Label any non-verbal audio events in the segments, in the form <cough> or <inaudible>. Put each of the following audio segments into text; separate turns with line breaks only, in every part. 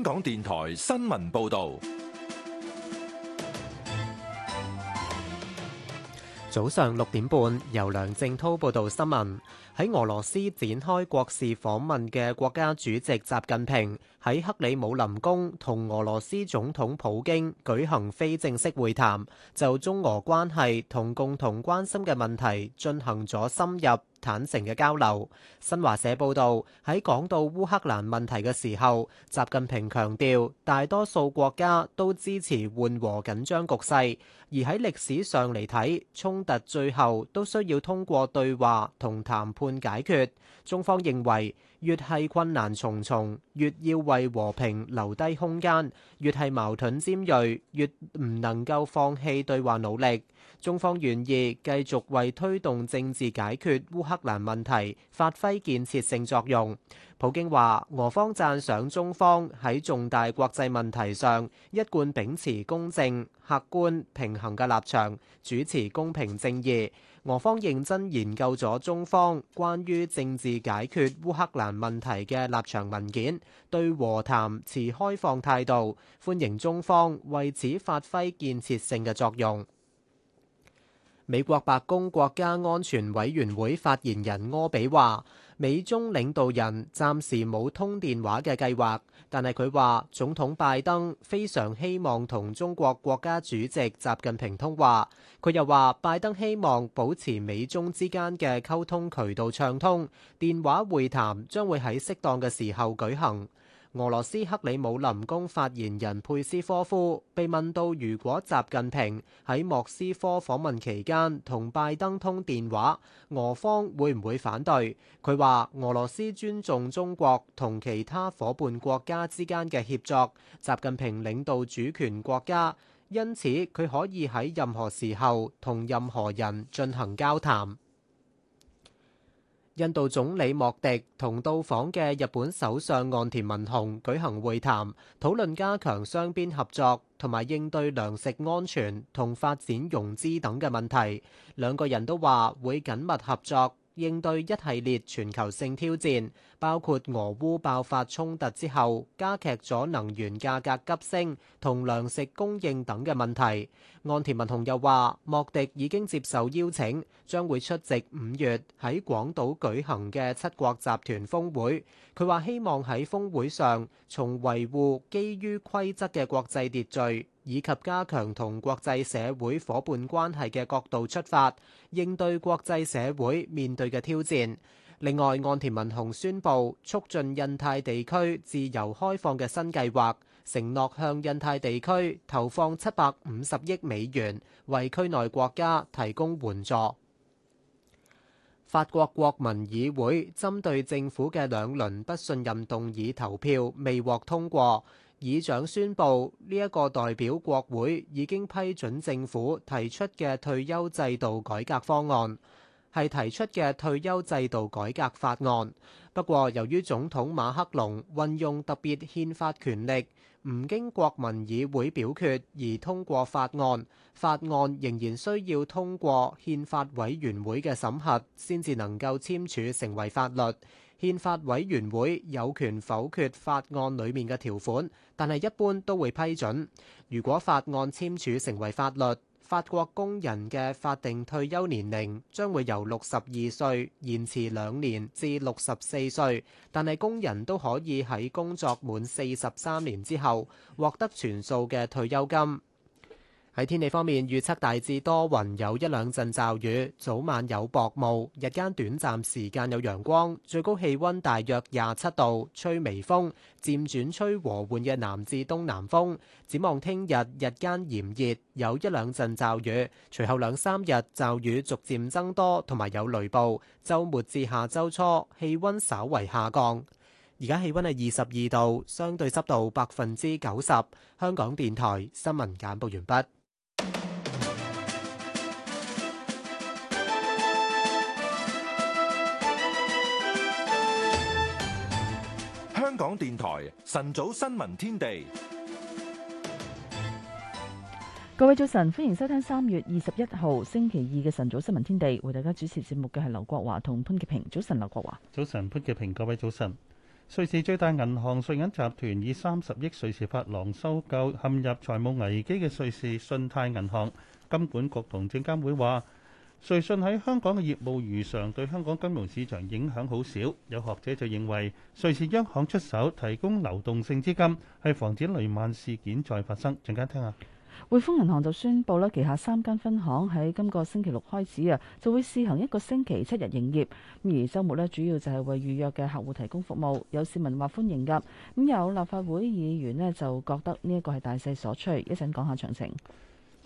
香港電台新聞報道，
早上六點半，由梁正濤報道新聞。喺俄羅斯展開國事訪問嘅國家主席習近平喺克里姆林宮同俄羅斯總統普京舉行非正式會談，就中俄關係同共同關心嘅問題進行咗深入坦誠嘅交流。新華社報道，喺講到烏克蘭問題嘅時候，習近平強調，大多數國家都支持緩和緊張局勢，而喺歷史上嚟睇，衝突最後都需要通過對話同談判解決。中方認為，越係困難重重，越要為和平留低空間；越係矛盾尖銳，越唔能夠放棄對話努力。中方願意繼續為推動政治解決烏克蘭問題發揮建設性作用。普京話：俄方讚賞中方喺重大國際問題上一貫秉持公正、客觀、平衡嘅立場，主持公平正義。俄方認真研究咗中方關於政治解決烏克蘭問題嘅立場文件，對和談持開放態度，歡迎中方為此發揮建設性嘅作用。美國白宮國家安全委員會發言人柯比話：美中領導人暫時冇通電話嘅計劃，但係佢話總統拜登非常希望同中國國家主席習近平通話。佢又話拜登希望保持美中之間嘅溝通渠道暢通，電話會談將會喺適當嘅時候舉行。俄羅斯克里姆林宮發言人佩斯科夫被問到，如果習近平喺莫斯科訪問期間同拜登通電話，俄方會唔會反對？佢話俄羅斯尊重中國同其他夥伴國家之間嘅協作。習近平領導主權國家，因此佢可以喺任何時候同任何人進行交談。印度總理莫迪同到訪嘅日本首相岸田文雄舉行會談，討論加強雙邊合作同埋應對糧食安全同發展融資等嘅問題。兩個人都話會緊密合作。應對一系列全球性挑戰，包括俄烏爆發衝突之後，加劇咗能源價格急升同糧食供應等嘅問題。岸田文雄又話，莫迪已經接受邀請，將會出席五月喺廣島舉行嘅七國集團峰會。佢話希望喺峰會上，從維護基於規則嘅國際秩序。以及加強同國際社會夥伴關係的角度出發，應對國際社會面對的挑戰。另外，岸田文雄宣佈促進印太地區自由開放的新計劃，承諾向印太地區投放七百五十億美元，為區內國家提供援助。法國國民議會針對政府的兩輪不信任動議投票未獲通過。議長宣布呢個代表國會已經批准政府提出嘅退休制度改革方案，係提出嘅退休制度改革法案。不過，由於總統馬克龍運用特別憲法權力，唔經國民議會表決而通過法案，法案仍然需要通過憲法委員會嘅審核先至能夠簽署成為法律。憲法委員會有權否決法案裡面嘅條款。但係一般都會批准。如果法案簽署成為法律，法國工人嘅法定退休年齡將會由六十二歲延遲兩年至六十四歲。但係工人都可以喺工作滿四十三年之後獲得全數嘅退休金。喺天氣方面，預測大致多雲，有一兩陣驟雨，早晚有薄霧，日間短暫時間有陽光，最高氣溫大約廿七度，吹微風，漸轉吹和緩嘅南至東南風。展望聽日日間炎熱，有一兩陣驟雨，隨後兩三日驟雨逐漸增多，同埋有雷暴。周末至下周初氣溫稍為下降。而家氣溫係二十二度，相對濕度百分之九十。香港電台新聞簡報完畢。
港電台晨早新聞天地，
各位早晨，歡迎收聽三月二十一號星期二嘅晨早新聞天地，為大家主持節目嘅係劉國華同潘潔平。早晨，劉國華，
早晨，潘潔平，各位早晨。瑞士最大銀行瑞銀集團以三十億瑞士法郎收購陷入財務危機嘅瑞士信貸銀行，金管局同證監會話。瑞信喺香港嘅業務如常，對香港金融市場影響好少。有學者就認為，瑞士央行出手提供流動性資金，係防止雷曼事件再發生。陣間聽下，
匯豐銀行就宣布咧，旗下三間分行喺今個星期六開始啊，就會試行一個星期七日營業。咁而週末咧，主要就係為預約嘅客戶提供服務。有市民話歡迎㗎。咁有立法會議員咧，就覺得呢一個係大勢所趨。一陣講下詳情。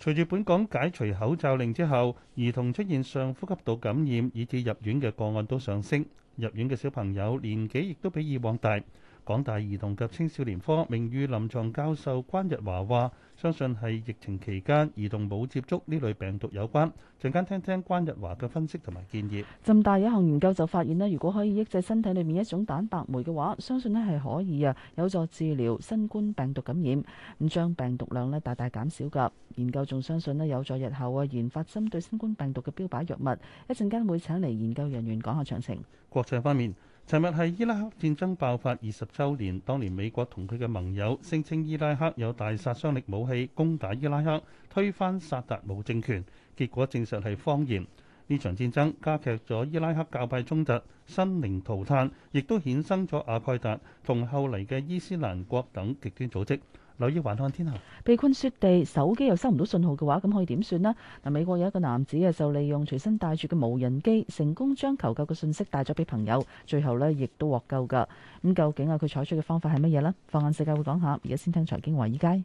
隨住本港解除口罩令之後，兒童出現上呼吸道感染以至入院嘅個案都上升，入院嘅小朋友年紀亦都比以往大。港大兒童及青少年科名譽臨牀教授關日華話。相信係疫情期間移動冇接觸呢類病毒有關。陣間聽聽關日華嘅分析同埋建議。
浸大一項研究就發現咧，如果可以抑制身體裏面一種蛋白酶嘅話，相信咧係可以啊，有助治療新冠病毒感染，咁將病毒量咧大大減少㗎。研究仲相信咧有助日後啊研發針對新冠病毒嘅標靶藥物。一陣間會請嚟研究人員講下詳情。
國際方面。尋日係伊拉克戰爭爆發二十週年，當年美國同佢嘅盟友聲稱伊拉克有大殺傷力武器攻打伊拉克，推翻薩達姆政權，結果證實係謊言。呢場戰爭加劇咗伊拉克教派衝突、生靈塗炭，亦都衍生咗阿蓋達同後嚟嘅伊斯蘭國等極端組織。留意環球天下，
被困雪地，手機又收唔到信號嘅話，咁可以點算呢？嗱，美國有一個男子啊，就利用隨身帶住嘅無人機，成功將求救嘅信息帶咗俾朋友，最後呢亦都獲救噶。咁究竟啊，佢採取嘅方法係乜嘢呢？放眼世界會講下，而家先聽財經華爾街。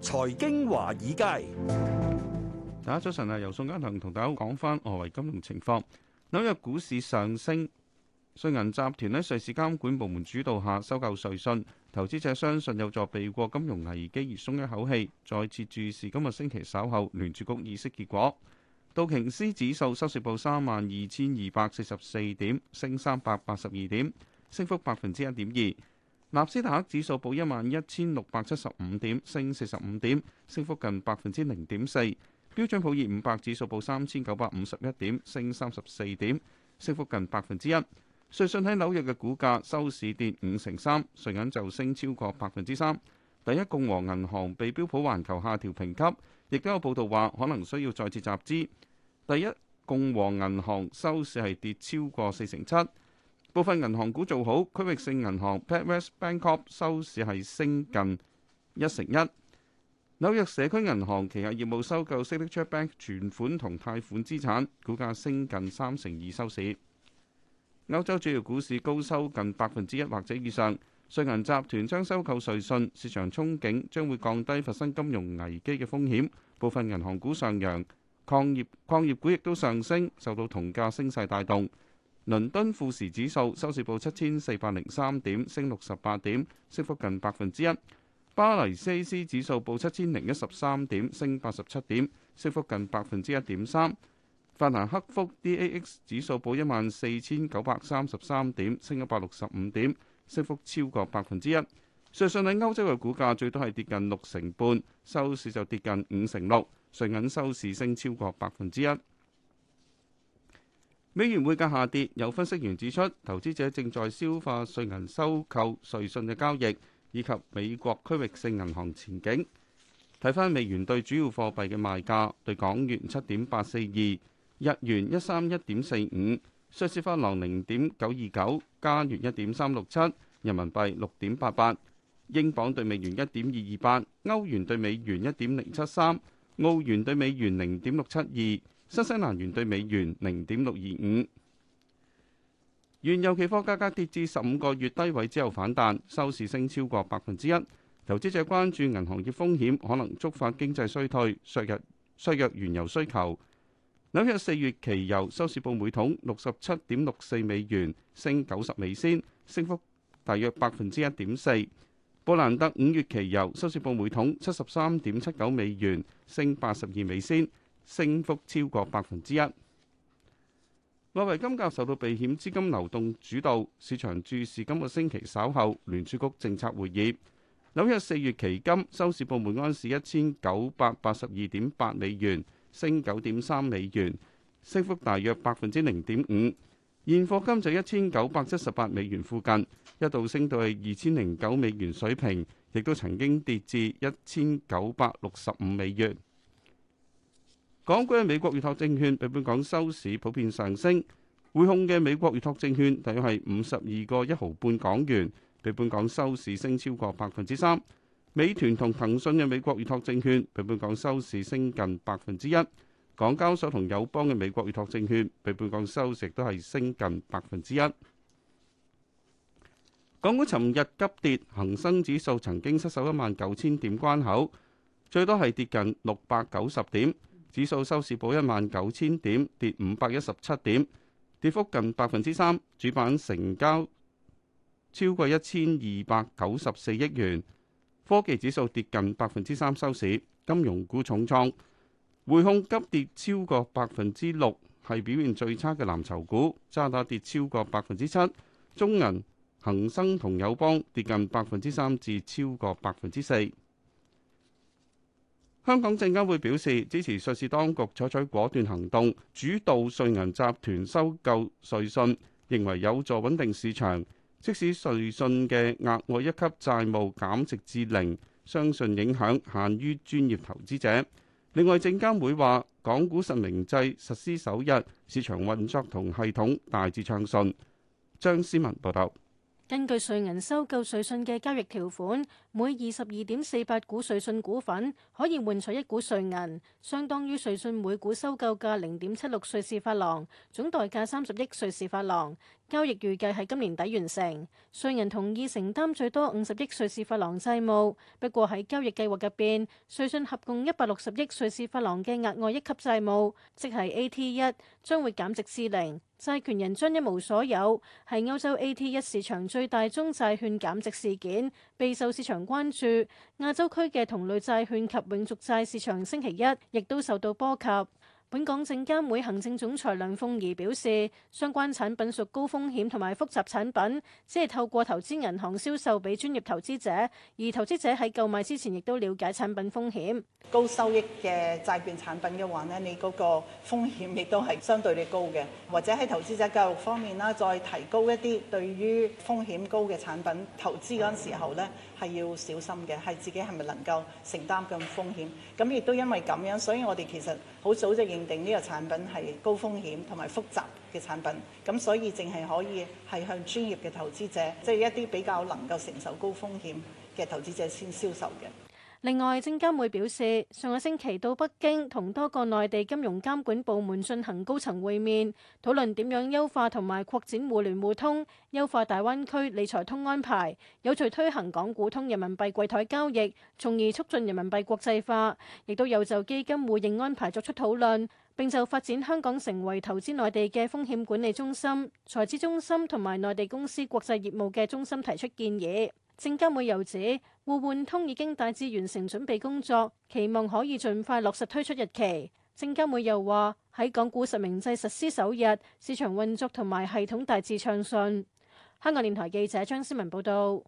財經華爾街，大家早晨啊，由宋嘉騰同大家講翻外圍金融情況。紐約股市上升。瑞銀集團喺瑞士監管部門主導下收購瑞信，投資者相信有助避過金融危機而鬆一口氣，再次注視今日星期稍後聯儲局議息結果。道瓊斯指數收市報三萬二千二百四十四點，升三百八十二點，升幅百分之一點二。納斯達克指數報一萬一千六百七十五點，升四十五點，升幅近百分之零點四。標準普爾五百指數報三千九百五十一點，升三十四點，升幅近百分之一。瑞信喺紐約嘅股價收市跌五成三，瑞銀就升超過百分之三。第一共和銀行被標普環球下調評級，亦都有報道話可能需要再次集資。第一共和銀行收市係跌超過四成七。部分銀行股做好，區域性銀行 PacWest Bancorp 收市係升近一成一。紐約社區銀行旗下業務收購 Signature Bank 存款同貸款資產，股價升近三成二收市。歐洲主要股市高收近百分之一或者以上，瑞銀集團將收購瑞信，市場憧憬將會降低發生金融危機嘅風險。部分銀行股上揚，礦業礦業股亦都上升，受到銅價升勢帶動。倫敦富時指數收市報七千四百零三點，升六十八點，升幅近百分之一。巴黎 CAC 指數報七千零一十三點，升八十七點，升幅近百分之一點三。法蘭克福 DAX 指數報一萬四千九百三十三點，升一百六十五點，升幅超過百分之一。瑞信喺歐洲嘅股價最多係跌近六成半，收市就跌近五成六，瑞銀收市升超過百分之一。美元匯價下跌，有分析員指出，投資者正在消化瑞銀收購瑞信嘅交易，以及美國區域性銀行前景。睇翻美元對主要貨幣嘅賣價，對港元七點八四二。日元一三一點四五，瑞士法郎零點九二九，加元一點三六七，人民幣六點八八，英鎊對美元一點二二八，歐元對美元一點零七三，澳元對美元零點六七二，新西蘭元對美元零點六二五。原油期貨價格跌至十五個月低位之後反彈，收市升超過百分之一。投資者關注銀行業風險可能觸發經濟衰退，削弱削弱原油需求。紐約四月期油收市報每桶六十七點六四美元，升九十美仙，升幅大約百分之一點四。布蘭特五月期油收市報每桶七十三點七九美元，升八十二美仙，升幅超過百分之一。外圍金價受到避險資金流動主導，市場注視今個星期稍後聯儲局政策會議。紐約四月期金收市報每安士一千九百八十二點八美元。升九點三美元，升幅大約百分之零點五。現貨金就一千九百七十八美元附近，一度升到係二千零九美元水平，亦都曾經跌至一千九百六十五美元。港股嘅美國預託證券比本港收市普遍上升，匯控嘅美國預託證券大概係五十二個一毫半港元，比本港收市升超過百分之三。美團同騰訊嘅美國預託證券被本港收市升近百分之一，港交所同友邦嘅美國預託證券被本港收市都係升近百分之一。港股尋日急跌，恒生指數曾經失守一萬九千點關口，最多係跌近六百九十點，指數收市報一萬九千點，跌五百一十七點，跌幅近百分之三。主板成交超過一千二百九十四億元。科技指數跌近百分之三收市，金融股重創，匯控急跌超過百分之六，係表現最差嘅藍籌股，渣打跌超過百分之七，中銀、恒生同友邦跌近百分之三至超過百分之四。香港證監會表示支持瑞士當局採取果斷行動，主導瑞銀集團收購瑞信，認為有助穩定市場。即使瑞信嘅額外一級債務減值至零，相信影響限於專業投資者。另外，證監會話，港股實名制實施首日，市場運作同系統大致暢順。張思文報道。
根據瑞銀收購瑞信嘅交易條款，每二十二點四八股瑞信股份可以換取一股瑞銀，相當於瑞信每股收購價零點七六瑞士法郎，總代價三十億瑞士法郎。交易預計喺今年底完成，瑞銀同意承擔最多五十億瑞士法郎債務。不過喺交易計劃入邊，瑞信合共一百六十億瑞士法郎嘅額外一級債務，即係 AT1，將會減值至零。債權人將一無所有，係歐洲 AT1 市場最大宗債券減值事件，備受市場關注。亞洲區嘅同類債券及永續債市場星期一亦都受到波及。本港證監會行政總裁梁鳳儀表示，相關產品屬高風險同埋複雜產品，只係透過投資銀行銷售俾專業投資者，而投資者喺購買之前亦都了解產品風險。高收益嘅債券產品嘅話呢，你嗰個風險亦都係相對你
高嘅，或者喺投資者教育方面啦，再提高一啲對於風險高嘅產品投資嗰陣時候咧。係要小心嘅，係自己係咪能夠承擔咁風險？咁亦都因為咁樣，所以我哋其實好早就認定呢個產品係高風險同埋複雜嘅產品，咁所以淨係可以係向專業嘅投資者，即係一啲比較能夠承受高風險嘅投資者先銷售嘅。
另外，證監會表示，上個星期到北京同多個內地金融監管部門進行高層會面，討論點樣優化同埋擴展互聯互通，優化大灣區理財通安排，有序推行港股通人民幣櫃台交易，從而促進人民幣國際化。亦都有就基金互認安排作出討論，並就發展香港成為投資內地嘅風險管理中心、財資中心同埋內地公司國際業務嘅中心提出建議。證監會又指，互換通已經大致完成準備工作，期望可以盡快落實推出日期。證監會又話喺港股實名制實施首日，市場運作同埋系統大致暢順。香港電台記者張思文報道。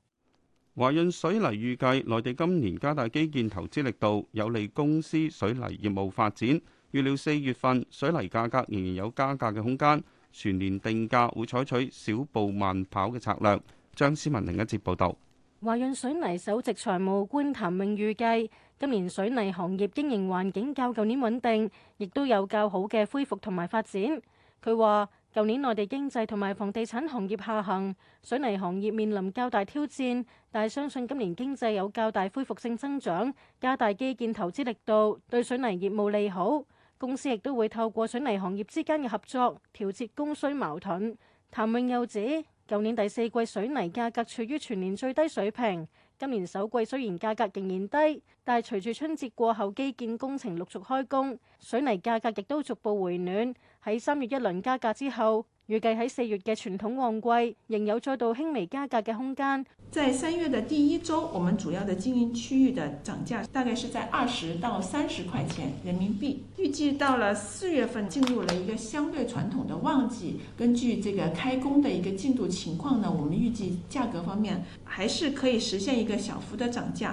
華潤水泥預計內地今年加大基建投資力度，有利公司水泥業務發展。預料四月份水泥價格仍然有加價嘅空間，全年定價會採取小步慢跑嘅策略。張思文另一節報道。
華潤水泥首席財務官譚穎預計，今年水泥行業經營環境較舊年穩定，亦都有較好嘅恢復同埋發展。佢話：舊年內地經濟同埋房地產行業下行，水泥行業面臨較大挑戰，但係相信今年經濟有較大恢復性增長，加大基建投資力度，對水泥業務利好。公司亦都會透過水泥行業之間嘅合作，調節供需矛盾。譚穎又指。舊年第四季水泥價格處於全年最低水平，今年首季雖然價格仍然低，但係隨住春節過後基建工程陸續開工，水泥價格亦都逐步回暖。喺三月一輪加價之後，預計喺四月嘅傳統旺季，仍有再度輕微加價嘅空間。在三
月的第一周，我們主要的經營區域的漲價大概是在二十到三十塊錢人民幣。預計到了四月份，進入了一個相對傳統的旺季，根據這個開工的一個進度情況呢，我們預計價格方面還是可以實現一個小幅的漲價。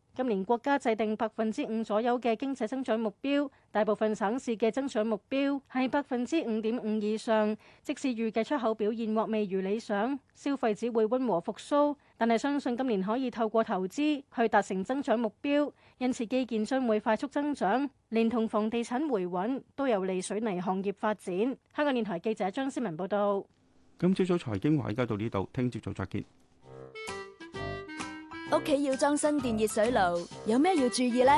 今年國家制定百分之五左右嘅經濟增長目標，大部分省市嘅增長目標係百分之五點五以上。即使預計出口表現或未如理想，消費只會溫和復甦，但係相信今年可以透過投資去達成增長目標。因此基建將會快速增長，連同房地產回穩，都有利水泥行業發展。香港電台記者張思文報道。
今朝早財經話而家到呢度，聽朝早再見。
屋企要裝新電熱水爐，有咩要注意呢？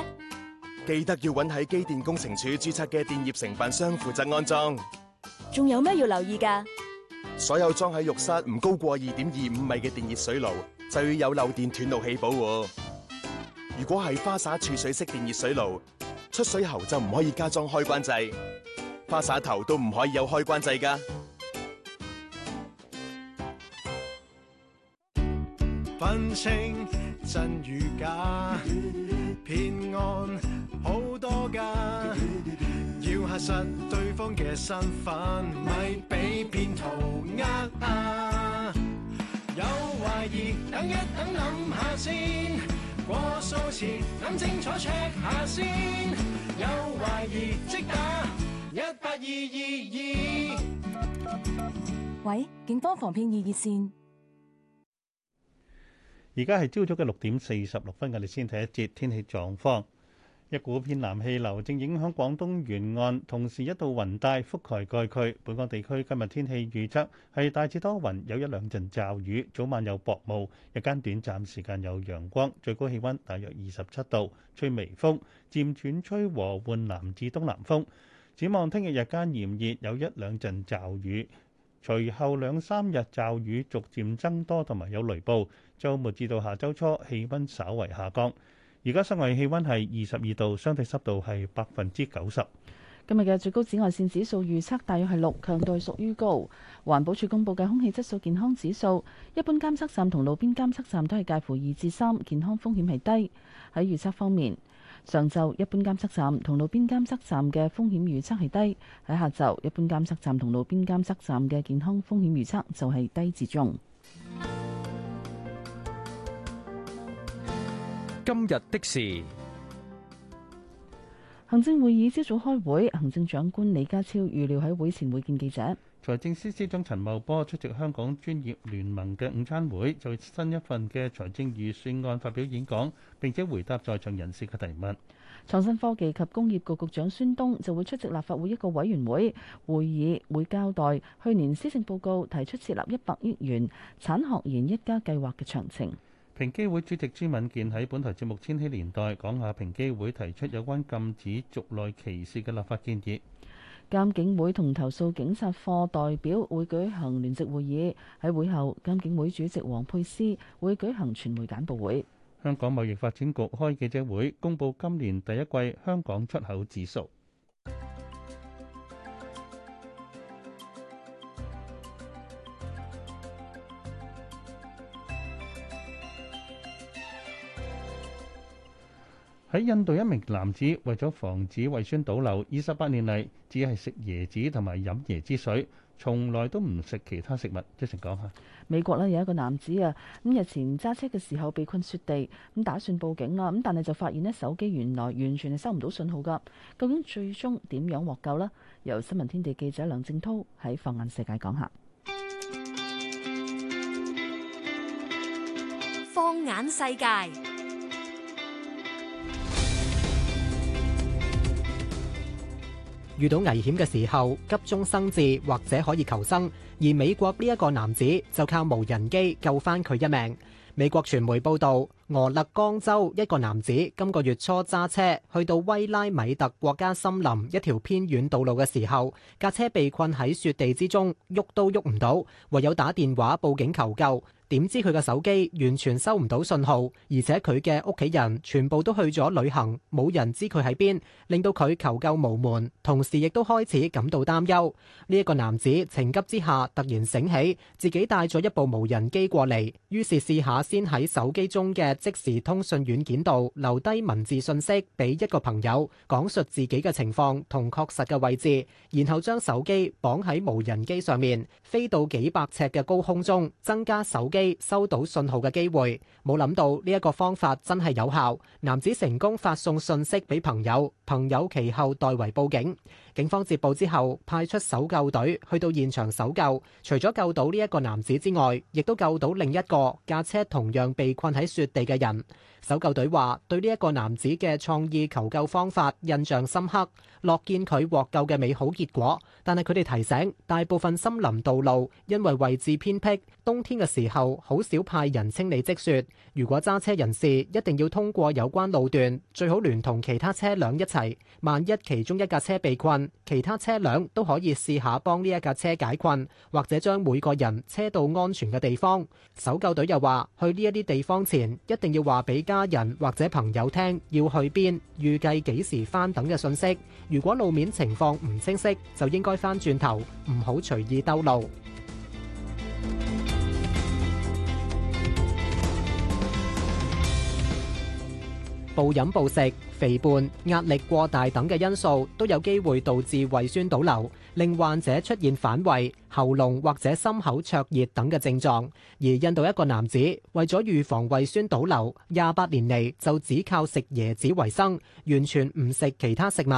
記得要揾喺機電工程署註冊嘅電業承辦商負責安裝。
仲有咩要留意噶？
所有裝喺浴室唔高過二點二五米嘅電熱水爐，就要有漏電斷路器保護。如果係花灑儲水式電熱水爐，出水喉就唔可以加裝開關掣，花灑頭都唔可以有開關掣噶。真與假，騙案
好多㗎，要核實對方嘅身份，咪俾騙徒呃啊！有懷疑，等
一等諗下先，過數前諗清楚 check 下先，有懷疑即打一八二二二。
喂，警方防騙易熱,熱線。
而家係朝早嘅六點四十六分，我哋先睇一節天氣狀況。一股偏南氣流正影響廣東沿岸，同時一道雲帶覆蓋該區。本港地區今日天氣預測係大致多雲，有一兩陣驟雨，早晚有薄霧，日間短暫時間有陽光，最高氣温大約二十七度，吹微風，漸轉吹和緩南至東南風。展望聽日日間炎熱，有一兩陣驟雨，隨後兩三日驟雨逐漸增多，同埋有雷暴。周末至到下周初，氣溫稍為下降。而家室外氣温係二十二度，相對濕度係百分之九十。
今日嘅最高紫外線指數預測大約係六，強度屬於高。環保署公布嘅空氣質素健康指數，一般監測站同路邊監測站都係介乎二至三，健康風險係低。喺預測方面，上晝一般監測站同路邊監測站嘅風險預測係低；喺下晝一般監測站同路邊監測站嘅健康風險預測就係低至中。
今日的事，
行政會議朝早開會，行政長官李家超預料喺會前會見記者。
財政司司長陳茂波出席香港專業聯盟嘅午餐會，就新一份嘅財政預算案發表演講，並且回答在場人士嘅提問。
創新科技及工業局局長孫東就會出席立法會一個委員會會議，會交代去年施政報告提出設立一百億元產學研一家計劃嘅詳情。
平機會主席朱敏健喺本台節目《千禧年代》講下平機會提出有關禁止族內歧視嘅立法建議。
監警會同投訴警察課代表會舉行聯席會議，喺會後監警會主席王沛詩會舉
行傳媒簡報會。香港貿易發展局開記者會公佈今年第一季香港出口指數。喺印度，一名男子為咗防止胃酸倒流，二十八年嚟只係食椰子同埋飲椰子水，從來都唔食其他食物。即成講下。
美國呢有一個男子啊，咁日前揸車嘅時候被困雪地，咁打算報警啦，咁但係就發現呢手機原來完全係收唔到信號噶。究竟最終點樣獲救呢？由新聞天地記者梁正滔喺放眼世界講下。
放眼世界。
遇到危險嘅時候，急中生智或者可以求生，而美國呢一個男子就靠無人機救返佢一命。美國傳媒報道。俄勒岡州一個男子今個月初揸車去到威拉米特國家森林一條偏遠道路嘅時候，架車被困喺雪地之中，喐都喐唔到，唯有打電話報警求救。點知佢嘅手機完全收唔到信號，而且佢嘅屋企人全部都去咗旅行，冇人知佢喺邊，令到佢求救無門。同時亦都開始感到擔憂。呢、這、一個男子情急之下突然醒起，自己帶咗一部無人機過嚟，於是試下先喺手機中嘅。即時通訊軟件度留低文字信息俾一個朋友，講述自己嘅情況同確實嘅位置，然後將手機綁喺無人機上面，飛到幾百尺嘅高空中，增加手機收到信號嘅機會。冇諗到呢一個方法真係有效，男子成功發送信息俾朋友，朋友其後代為報警。警方接報之後，派出搜救隊去到現場搜救，除咗救到呢一個男子之外，亦都救到另一個駕車同樣被困喺雪地嘅人。搜救隊話：對呢一個男子嘅創意求救方法印象深刻，樂見佢獲救嘅美好結果。但係佢哋提醒，大部分森林道路因為位置偏僻，冬天嘅時候好少派人清理積雪，如果揸車人士一定要通過有關路段，最好聯同其他車輛一齊。萬一其中一架車被困，其他車輛都可以試下幫呢一架車解困，或者將每個人車到安全嘅地方。搜救隊又話，去呢一啲地方前，一定要話俾家人或者朋友聽要去邊，預計幾時翻等嘅信息。如果路面情況唔清晰，就應該翻轉頭，唔好隨意兜路。暴飲暴食、肥胖、壓力過大等嘅因素都有機會導致胃酸倒流，令患者出現反胃、喉嚨或者心口灼熱等嘅症狀，而印度一個男子為咗預防胃酸倒流，廿八年嚟就只靠食椰子為生，完全唔食其他食物。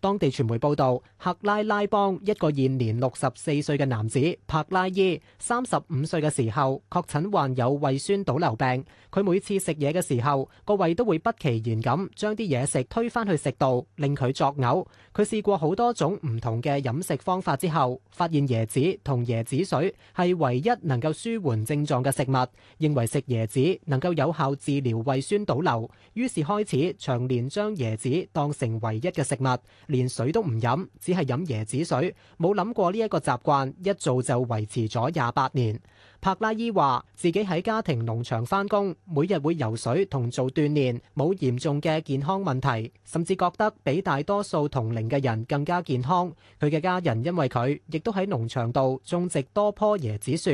當地傳媒報導，克拉拉邦一個現年六十四歲嘅男子帕拉伊，三十五歲嘅時候確診患有胃酸倒流病，佢每次食嘢嘅時候，個胃都會不其然咁將啲嘢食推返去食道，令佢作嘔。佢試過好多種唔同嘅飲食方法之後，發現椰子同椰子水係唯一能夠舒緩症狀嘅食物，認為食椰子能夠有效治療胃酸倒流，於是開始長年將椰子當成唯一嘅食物，連水都唔飲，只係飲椰子水，冇諗過呢一個習慣一做就維持咗廿八年。帕拉伊話：自己喺家庭農場返工，每日會游水同做鍛煉，冇嚴重嘅健康問題，甚至覺得比大多數同齡嘅人更加健康。佢嘅家人因為佢，亦都喺農場度種植多棵椰子樹。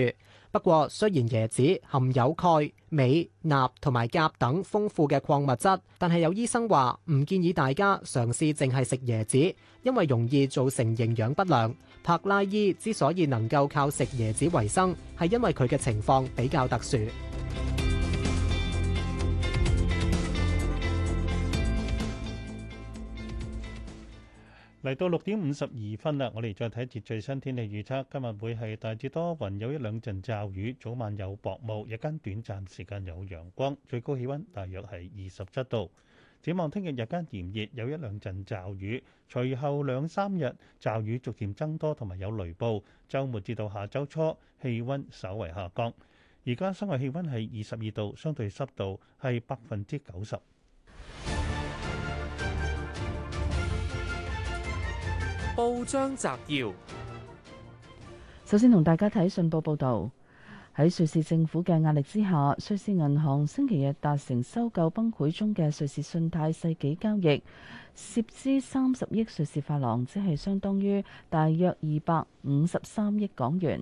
不過，雖然椰子含有鈣、鎂、鈉同埋鉀等豐富嘅礦物質，但係有醫生話唔建議大家嘗試淨係食椰子，因為容易造成營養不良。柏拉伊之所以能夠靠食椰子為生，係因為佢嘅情況比較特殊。
嚟到六點五十二分啦，我哋再睇一節最新天氣預測。今日會係大致多雲，有一兩陣驟雨，早晚有薄霧，日間短暫時間有陽光，最高氣温大約係二十七度。展望聽日日間炎熱，有一兩陣驟雨，隨後兩三日驟雨逐漸增多同埋有雷暴。週末至到下周初氣温稍為下降。而家室外氣温係二十二度，相對濕度係百分之九十。報
章摘要：
首先同大家睇《信報》報道，喺瑞士政府嘅壓力之下，瑞士銀行星期日達成收購崩潰中嘅瑞士信貸世紀交易，涉資三十億瑞士法郎，即係相當於大約二百五十三億港元。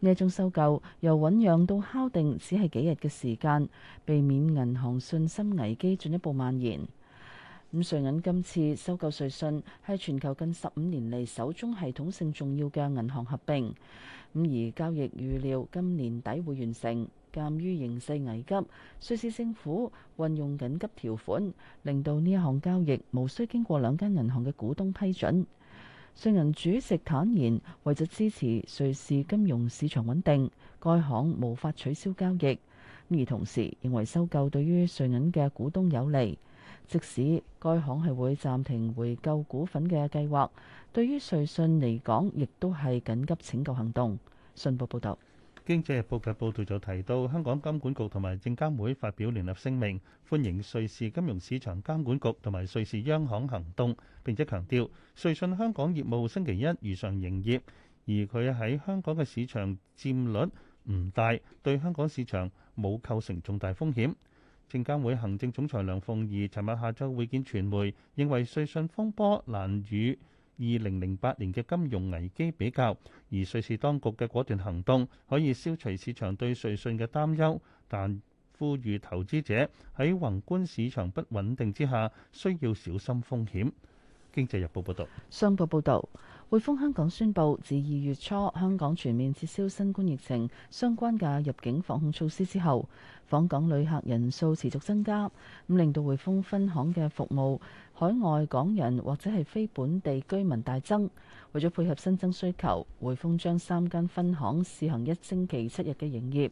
呢一宗收購由醞釀到敲定只係幾日嘅時間，避免銀行信心危機進一步蔓延。咁瑞銀今次收購瑞信係全球近十五年嚟首宗系統性重要嘅銀行合併，咁而交易預料今年底會完成。鑑於形勢危急，瑞士政府運用緊急條款，令到呢一項交易無需經過兩間銀行嘅股東批准。瑞銀主席坦言，為咗支持瑞士金融市場穩定，該行無法取消交易。而同時認為收購對於瑞銀嘅股東有利。即使該行係會暫停回購股份嘅計劃，對於瑞信嚟講，亦都係緊急拯救行
動。信報報道，《經濟日報》嘅報道就提到，香港金管局同埋證監會發表聯合聲明，歡迎瑞士金融市場監管局同埋瑞士央行行動，並且強調，瑞信香港業務星期一如常營業，而佢喺香港嘅市場佔率唔大，對香港市場冇構成重大風險。證監會行政總裁梁鳳儀尋日下晝會見傳媒，認為瑞信風波難與二零零八年嘅金融危機比較，而瑞士當局嘅果斷行動可以消除市場對瑞信嘅擔憂，但呼籲投資者喺宏觀市場不穩定之下需要小心風險。經濟日報報道，
商報報道。匯豐香港宣布，自二月初香港全面撤銷新冠疫情相關嘅入境防控措施之後，訪港旅客人數持續增加，咁令到匯豐分行嘅服務海外港人或者係非本地居民大增。為咗配合新增需求，匯豐將三間分行試行一星期七日嘅營業。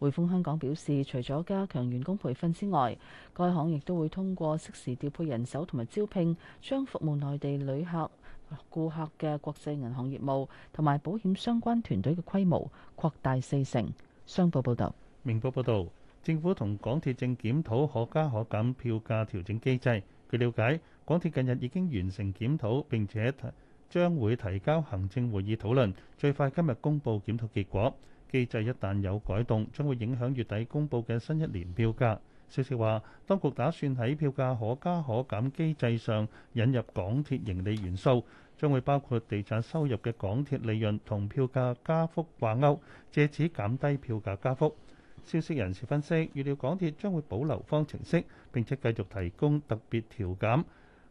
匯豐香港表示，除咗加強員工培訓之外，該行亦都會通過適時調配人手同埋招聘，將服務內地旅客。顧客嘅國際銀行業務同埋保險相關團隊嘅規模擴大四成。商報報道：
明報報道，政府同港鐵正檢討可加可減票價調整機制。據了解，港鐵近日已經完成檢討，並且將會提交行政會議討論，最快今日公布檢討結果。機制一旦有改動，將會影響月底公佈嘅新一年票價。消息話，當局打算喺票價可加可減機制上引入港鐵盈利元素，將會包括地產收入嘅港鐵利潤同票價加幅掛鈎，借此減低票價加幅。消息人士分析，預料港鐵將會保留方程式，並且繼續提供特別調減，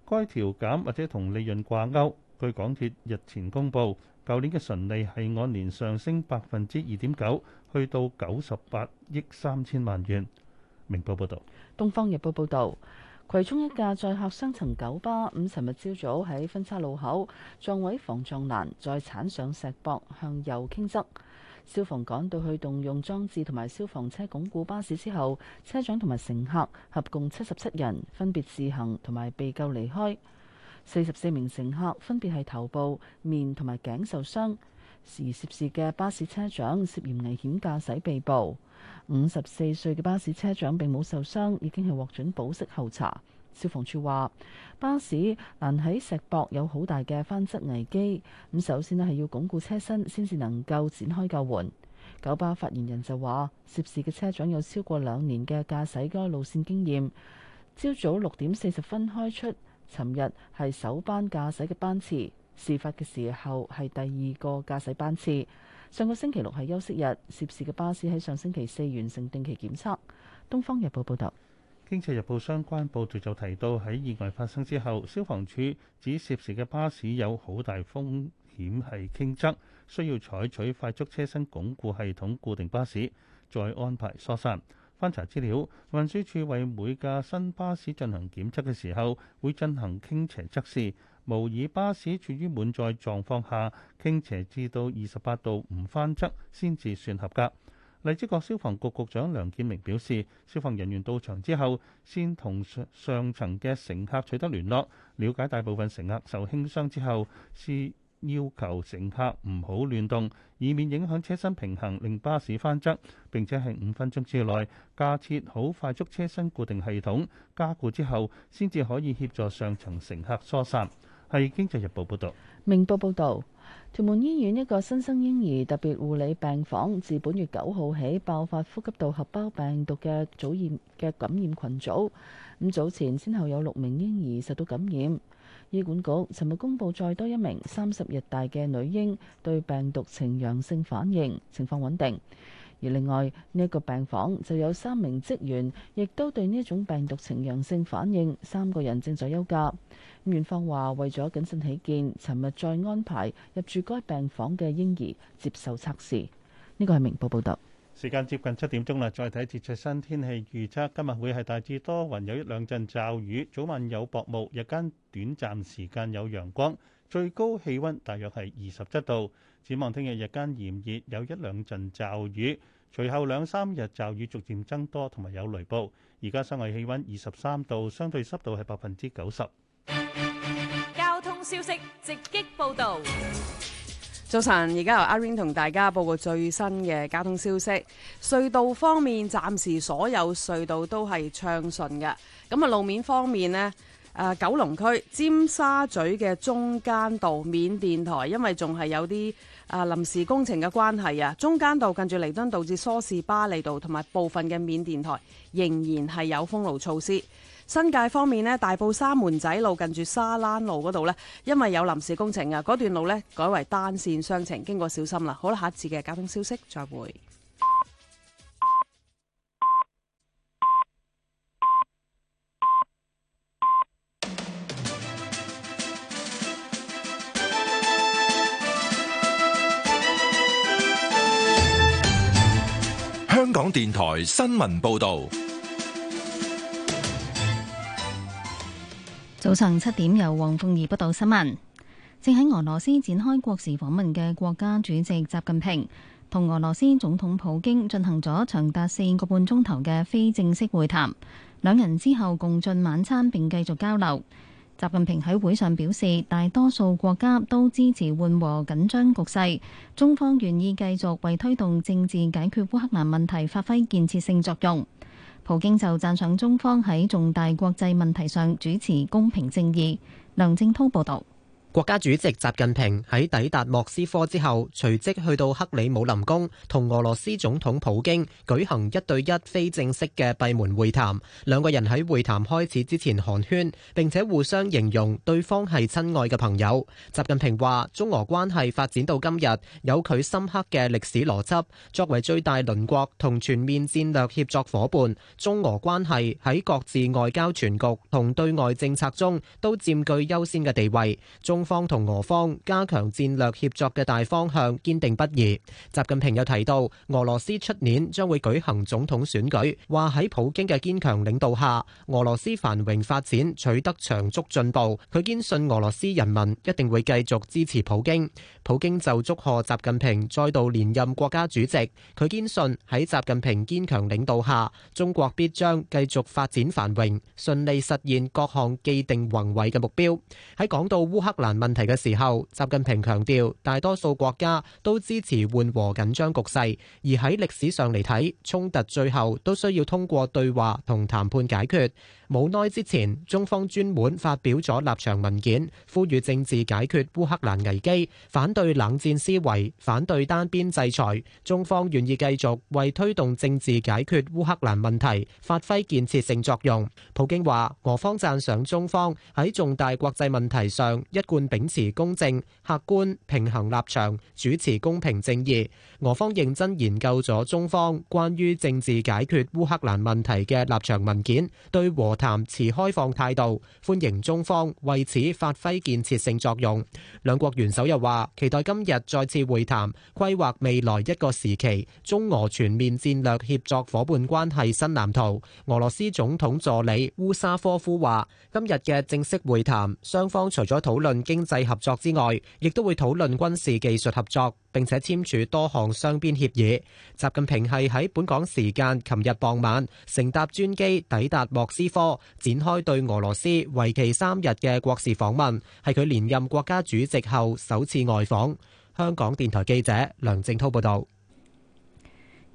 該調減或者同利潤掛鈎。據港鐵日前公佈，舊年嘅純利係按年上升百分之二點九，去到九十八億三千萬元。明報報道，
東方日報報道，葵涌，一架載客雙層九巴，五尋日朝早喺分岔路口，撞毀防撞欄，再鏟上石壆向右傾側。消防趕到去動用裝置同埋消防車鞏固巴士之後，車長同埋乘客合共七十七人分別自行同埋被救離開。四十四名乘客分別係頭部、面同埋頸受傷。時涉事嘅巴士車長涉嫌危險駕駛被捕。五十四歲嘅巴士車長並冇受傷，已經係獲准保釋候查。消防處話，巴士難喺石博有好大嘅翻側危機，咁首先呢係要鞏固車身，先至能夠展開救援。九巴發言人就話，涉事嘅車長有超過兩年嘅駕駛該路線經驗，朝早六點四十分開出，尋日係首班駕駛嘅班次，事發嘅時候係第二個駕駛班次。上個星期六係休息日，涉事嘅巴士喺上星期四完成定期檢測。《東方日報》報道，
《經濟日報》相關報導就提到喺意外發生之後，消防處指涉事嘅巴士有好大風險係傾側，需要採取快速車身鞏固系統固定巴士，再安排疏散。翻查資料，運輸處為每架新巴士進行檢測嘅時候，會進行傾斜測試。模擬巴士處於滿載狀況下傾斜至到二十八度，唔翻側先至算合格。荔枝角消防局局長梁建明表示，消防人員到場之後，先同上層嘅乘客取得聯絡，了解大部分乘客受輕傷之後，是要求乘客唔好亂動，以免影響車身平衡，令巴士翻側。並且係五分鐘之內架設好快速車身固定系統加固之後，先至可以協助上層乘客疏散。係《經濟日報》報道，
明報報道，屯門醫院一個新生嬰兒特別護理病房自本月九號起爆發呼吸道合胞病毒嘅早驗嘅感染群組，咁早前先後有六名嬰兒受到感染。醫管局尋日公布再多一名三十日大嘅女嬰對病毒呈陽性反應，情況穩定。而另外呢一個病房就有三名職員，亦都對呢種病毒呈陽性反應，三個人正在休假。院方話為咗謹慎起見，尋日再安排入住該病房嘅嬰兒接受測試。
呢個係明報報道。時間接近七點鐘啦，再睇接出新天氣預測，今日會係大致多雲，有一兩陣驟雨，早晚有薄霧，日間短暫時間有陽光，最高氣温大約係二十七度。展望聽日日間炎熱，有一兩陣驟雨，隨後兩三日驟雨逐漸增多，同埋有雷暴。而家室外氣温二十三度，相對濕度係百分之九十。
交通消息直擊報道，
早晨，而家由阿 Ring 同大家報個最新嘅交通消息。隧道方面，暫時所有隧道都係暢順嘅。咁啊，路面方面呢？誒、呃，九龍區尖沙咀嘅中間道、緬甸台，因為仲係有啲啊、呃、臨時工程嘅關係啊，中間道近住彌敦道至梳士巴利道同埋部分嘅緬甸台仍然係有封路措施。新界方面呢，大埔沙門仔路近住沙欄路嗰度呢，因為有臨時工程啊，嗰段路呢，改為單線雙程，經過小心啦。好啦，下次嘅交通消息再會。
香港電台新聞報道，
早上七點由黃鳳儀報道新聞。正喺俄羅斯展開國事訪問嘅國家主席習近平，同俄羅斯總統普京進行咗長達四個半鐘頭嘅非正式會談，兩人之後共進晚餐，並繼續交流。習近平喺會上表示，大多數國家都支持緩和緊張局勢，中方願意繼續為推動政治解決烏克蘭問題發揮建設性作用。普京就讚賞中方喺重大國際問題上主持公平正義。梁正滔報導。
國家主席習近平喺抵達莫斯科之後，隨即去到克里姆林宮，同俄羅斯總統普京舉行一對一非正式嘅閉門會談。兩個人喺會談開始之前寒暄，並且互相形容對方係親愛嘅朋友。習近平話：中俄關係發展到今日，有佢深刻嘅歷史邏輯。作為最大鄰國同全面戰略協作夥伴，中俄關係喺各自外交全局同對外政策中都佔據優先嘅地位。中方同俄方加強戰略協作嘅大方向堅定不移。習近平又提到，俄羅斯出年將會舉行總統選舉，話喺普京嘅堅強領導下，俄羅斯繁榮發展取得長足進步。佢堅信俄羅斯人民一定會繼續支持普京。普京就祝賀習近平再度連任國家主席，佢堅信喺習近平堅強領導下，中國必將繼續發展繁榮，順利實現各項既定宏偉嘅目標。喺講到烏克蘭問題嘅時候，習近平強調，大多數國家都支持緩和緊張局勢，而喺歷史上嚟睇，衝突最後都需要通過對話同談判解決。冇耐之前，中方專門發表咗立場文件，呼籲政治解決烏克蘭危機，反對冷戰思維，反對單邊制裁。中方願意繼續為推動政治解決烏克蘭問題發揮建設性作用。普京話：俄方讚賞中方喺重大國際問題上一貫秉持公正、客觀、平衡立場，主持公平正義。俄方認真研究咗中方關於政治解決烏克蘭問題嘅立場文件，對和談持開放態度，歡迎中方為此發揮建設性作用。兩國元首又話，期待今日再次會談，規劃未來一個時期中俄全面戰略協作伙伴關係新藍圖。俄羅斯總統助理烏沙科夫話，今日嘅正式會談，雙方除咗討論經濟合作之外，亦都會討論軍事技術合作。並且簽署多項雙邊協議，習近平係喺本港時間琴日傍晚乘搭專機抵達莫斯科，展開對俄羅斯為期三日嘅國事訪問，係佢連任國家主席後首次外訪。香港電台記者梁正濤報道。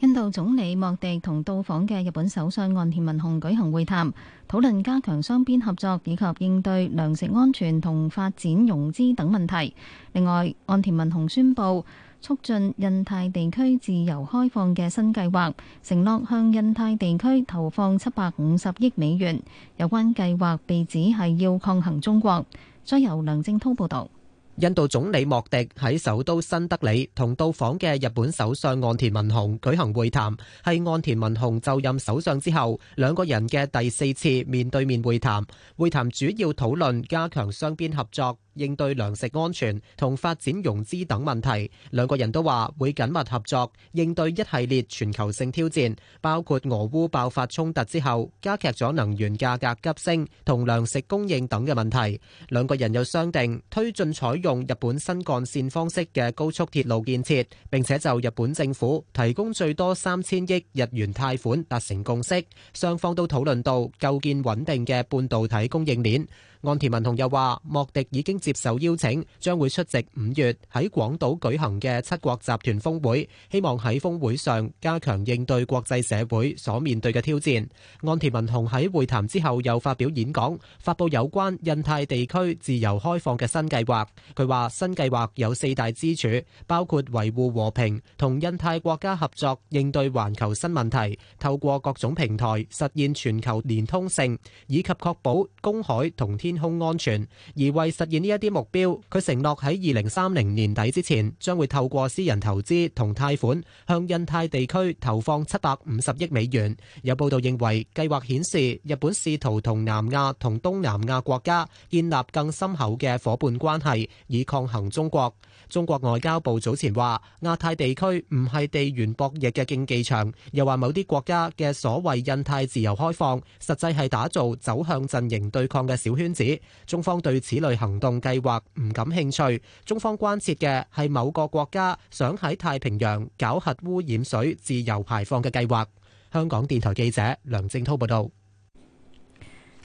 印度總理莫迪同到訪嘅日本首相岸田文雄舉行會談，討論加強雙邊合作，以及應對糧食安全同發展融資等問題。另外，岸田文雄宣布。促進印太地區自由開放嘅新計劃，承諾向印太地區投放七百五十億美元。有關計劃被指係要抗衡中國。再由梁正滔報導。
印度總理莫迪喺首都新德里同到訪嘅日本首相岸田文雄舉行會談，係岸田文雄就任首相之後兩個人嘅第四次面對面會談。會談主要討論加強雙邊合作、應對糧食安全同發展融資等問題。兩個人都話會緊密合作應對一系列全球性挑戰，包括俄烏爆發衝突之後加劇咗能源價格急升同糧食供應等嘅問題。兩個人又商定推進採用日本新幹線方式嘅高速鐵路建設，並且就日本政府提供最多三千億日元貸款達成共識，雙方都討論到構建穩定嘅半導體供應鏈。岸田文雄又話，莫迪已經接受邀請，將會出席五月喺廣島舉行嘅七國集團峰會，希望喺峰會上加強應對國際社會所面對嘅挑戰。岸田文雄喺會談之後又發表演講，發布有關印太地區自由開放嘅新計劃。佢話，新計劃有四大支柱，包括維護和平、同印太國家合作、應對環球新問題，透過各種平台實現全球連通性，以及確保公海同天天空安全，而為實現呢一啲目標，佢承諾喺二零三零年底之前，將會透過私人投資同貸款向印太地區投放七百五十億美元。有報道認為，計劃顯示日本試圖同南亞同東南亞國家建立更深厚嘅伙伴關係，以抗衡中國。中國外交部早前話亞太地區唔係地緣博弈嘅競技場，又話某啲國家嘅所謂印太自由開放，實際係打造走向陣營對抗嘅小圈子。中方對此類行動計劃唔感興趣，中方關切嘅係某個國家想喺太平洋搞核污染水自由排放嘅計劃。香港電台記者梁正滔報道。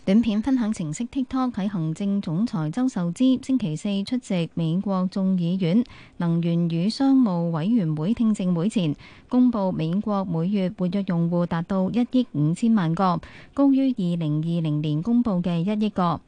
短片分享程式 TikTok 嘅行政總裁周受資星期四出席美國眾議院能源與商務委員會聽證會前，公布美國每月活躍用戶達到一億五千萬個，高於二零二零年公布嘅一億個。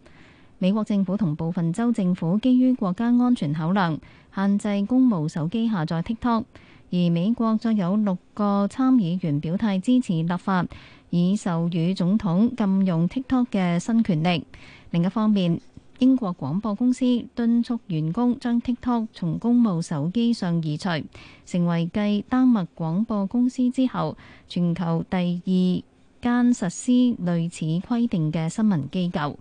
美國政府同部分州政府基於國家安全考量，限制公務手機下載 TikTok，而美國再有六個參議員表態支持立法。已授予總統禁用 TikTok 嘅新權力。另一方面，英國廣播公司敦促員工將 TikTok 從公務手機上移除，成為繼丹麥廣播公司之後，全球第二間實施類似規定嘅新聞機構。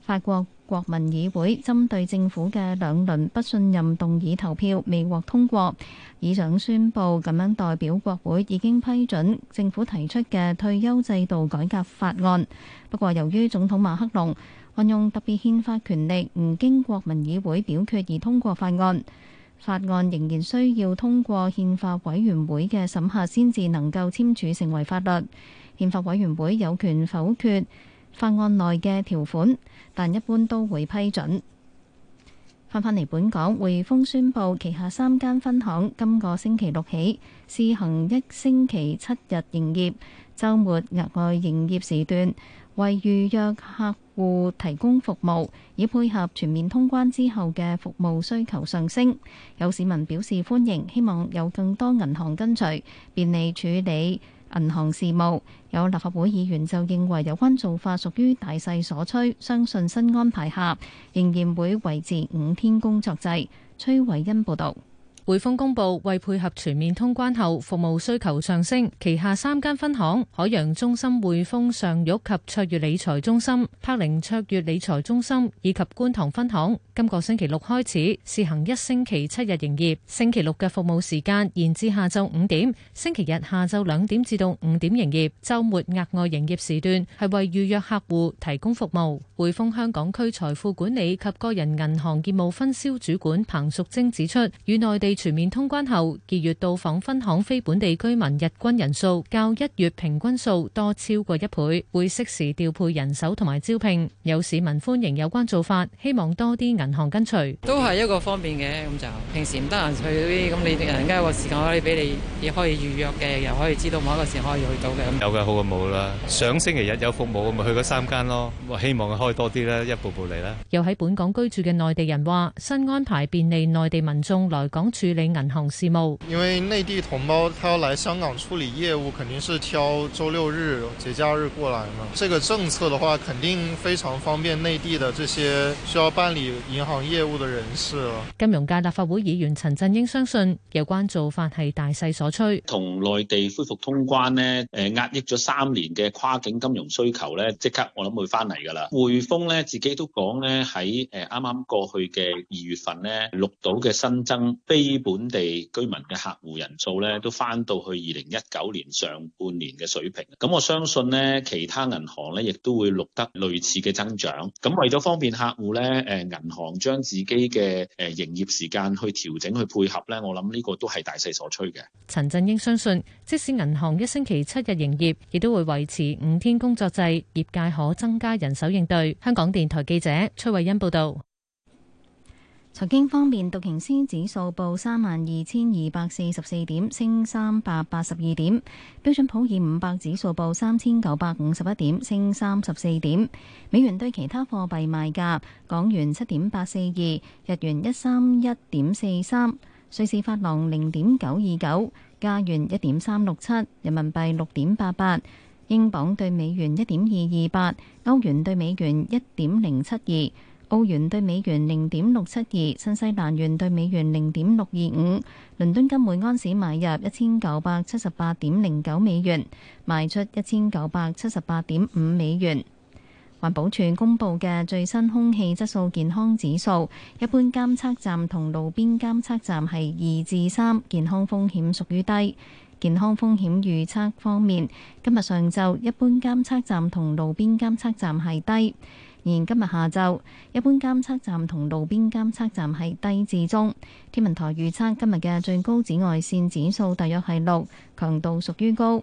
法國國民議會針對政府嘅兩輪不信任動議投票未獲通過，議長宣布咁樣代表國會已經批准政府提出嘅退休制度改革法案。不過，由於總統馬克龍運用特別憲法權力，唔經國民議會表決而通過法案，法案仍然需要通過憲法委員會嘅審核先至能夠簽署成為法律。憲法委員會有權否決。法案內嘅條款，但一般都會批准。翻返嚟本港，匯豐宣布旗下三間分行今個星期六起，試行一星期七日營業，週末額外營業時段，為預約客戶提供服務，以配合全面通關之後嘅服務需求上升。有市民表示歡迎，希望有更多銀行跟隨，便利處理銀行事務。有立法會議員就認為有關做法屬於大勢所趨，相信新安排下仍然會
維持五天工作制。崔偉恩報導。匯豐公布，為配合全面通關後服務需求上升，旗下三間分行——海洋中心、匯豐上玉及卓越理財中心、柏寧卓越理財中心以及觀塘分行，今個星期六開始試行一星期七日營業。星期六嘅服務時間延至下晝五點，星期日下晝兩點至到五點營業。周末額外營業時段係為預約客戶提供服務。匯豐香港區財富管理及個人銀行業務分銷主管彭淑貞指出，與內地，全面通關後，二月到訪分行非本地居民日均人數較一月平均數多超過一倍，會適時調配人手同埋招聘。有市民歡迎有關做法，希望多啲銀行跟隨。
都係一個方便嘅，咁就平時唔得閒去嗰啲，咁你哋人哋個時間可以俾你，你可以預約嘅，又可以知道某一個時候可以去到嘅，咁
有嘅好過冇啦。上星期日有服務，咁咪去咗嗰三間囉。希望可以多啲啦，一步步嚟啦。
又喺本港居住嘅內地人話，新安排便利內地民眾來港住。處理銀行事務，因為
內地同胞他要來香港處理業務，肯定是挑周六日節假日過來嘛。這個政策的話，肯定非常方便內地的這些需要辦理銀行業務的人士。
金融界立法會議員陳振英相信，有關做法係大勢所趨。
同內地恢復通關呢，誒、呃、壓抑咗三年嘅跨境金融需求呢，即刻我諗會翻嚟噶啦。匯豐呢，自己都講呢，喺誒啱啱過去嘅二月份呢，錄到嘅新增非本地居民嘅客戶人數咧都翻到去二零一九年上半年嘅水平，咁我相信呢，其他銀行咧亦都會錄得類似嘅增長。咁為咗方便客戶咧，誒，銀行將自己嘅誒營業時間去調整去配合咧，我諗呢個都係大勢所趨
嘅。陳振英相信，信，即使銀行一星期七日營業，亦都會維持五天工作制，業界可增加人手應對。香港電台記者崔慧欣報道。
財經方面，道瓊斯指數報三萬二千二百四十四點，升三百八十二點；標準普爾五百指數報三千九百五十一點，升三十四點。美元對其他貨幣賣價：港元七點八四二，日元一三一點四三，瑞士法郎零點九二九，加元一點三六七，人民幣六點八八，英鎊對美元一點二二八，歐元對美元一點零七二。澳元對美元零點六七二，新西蘭元對美元零點六二五，倫敦金每安士買入一千九百七十八點零九美元，賣出一千九百七十八點五美元。環保署公布嘅最新空氣質素健康指數，一般監測站同路邊監測站係二至三，健康風險屬於低。健康風險預測方面，今日上晝一般監測站同路邊監測站係低。今日下晝，一般監測站同路邊監測站係低至中。天文台預測今日嘅最高紫外線指數大約係六，強度屬於高。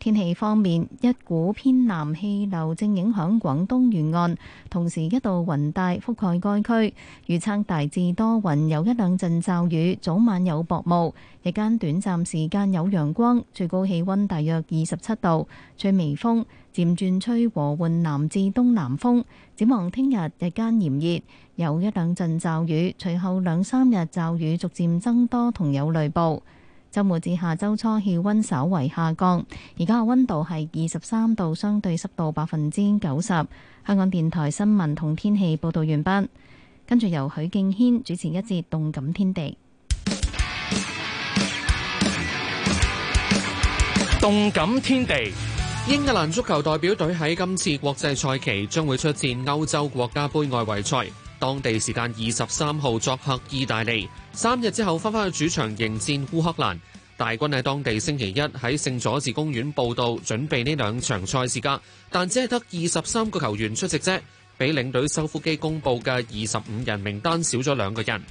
天氣方面，一股偏南氣流正影響廣東沿岸，同時一道雲帶覆蓋該區，預測大致多雲，有一兩陣驟雨，早晚有薄霧，日間短暫時間有陽光，最高氣溫大約二十七度，吹微風。漸轉吹和緩南至東南風，展望聽日日間炎熱，有一兩陣驟雨，隨後兩三日驟雨逐漸增多同有雷暴。周末至下周初氣溫稍為下降，而家嘅溫度係二十三度，相對濕度百分之九十。香港電台新聞同天氣報道完畢，跟住由許敬軒主持一節動感天地。
動感天地。動感天地英格蘭足球代表隊喺今次國際賽期將會出戰歐洲國家盃外圍賽，當地時間二十三號作客意大利，三日之後翻返去主場迎戰烏克蘭。大軍喺當地星期一喺聖佐治公園報到，準備呢兩場賽事噶，但只係得二十三個球員出席啫，比領隊收腹機公布嘅二十五人名單少咗兩個人。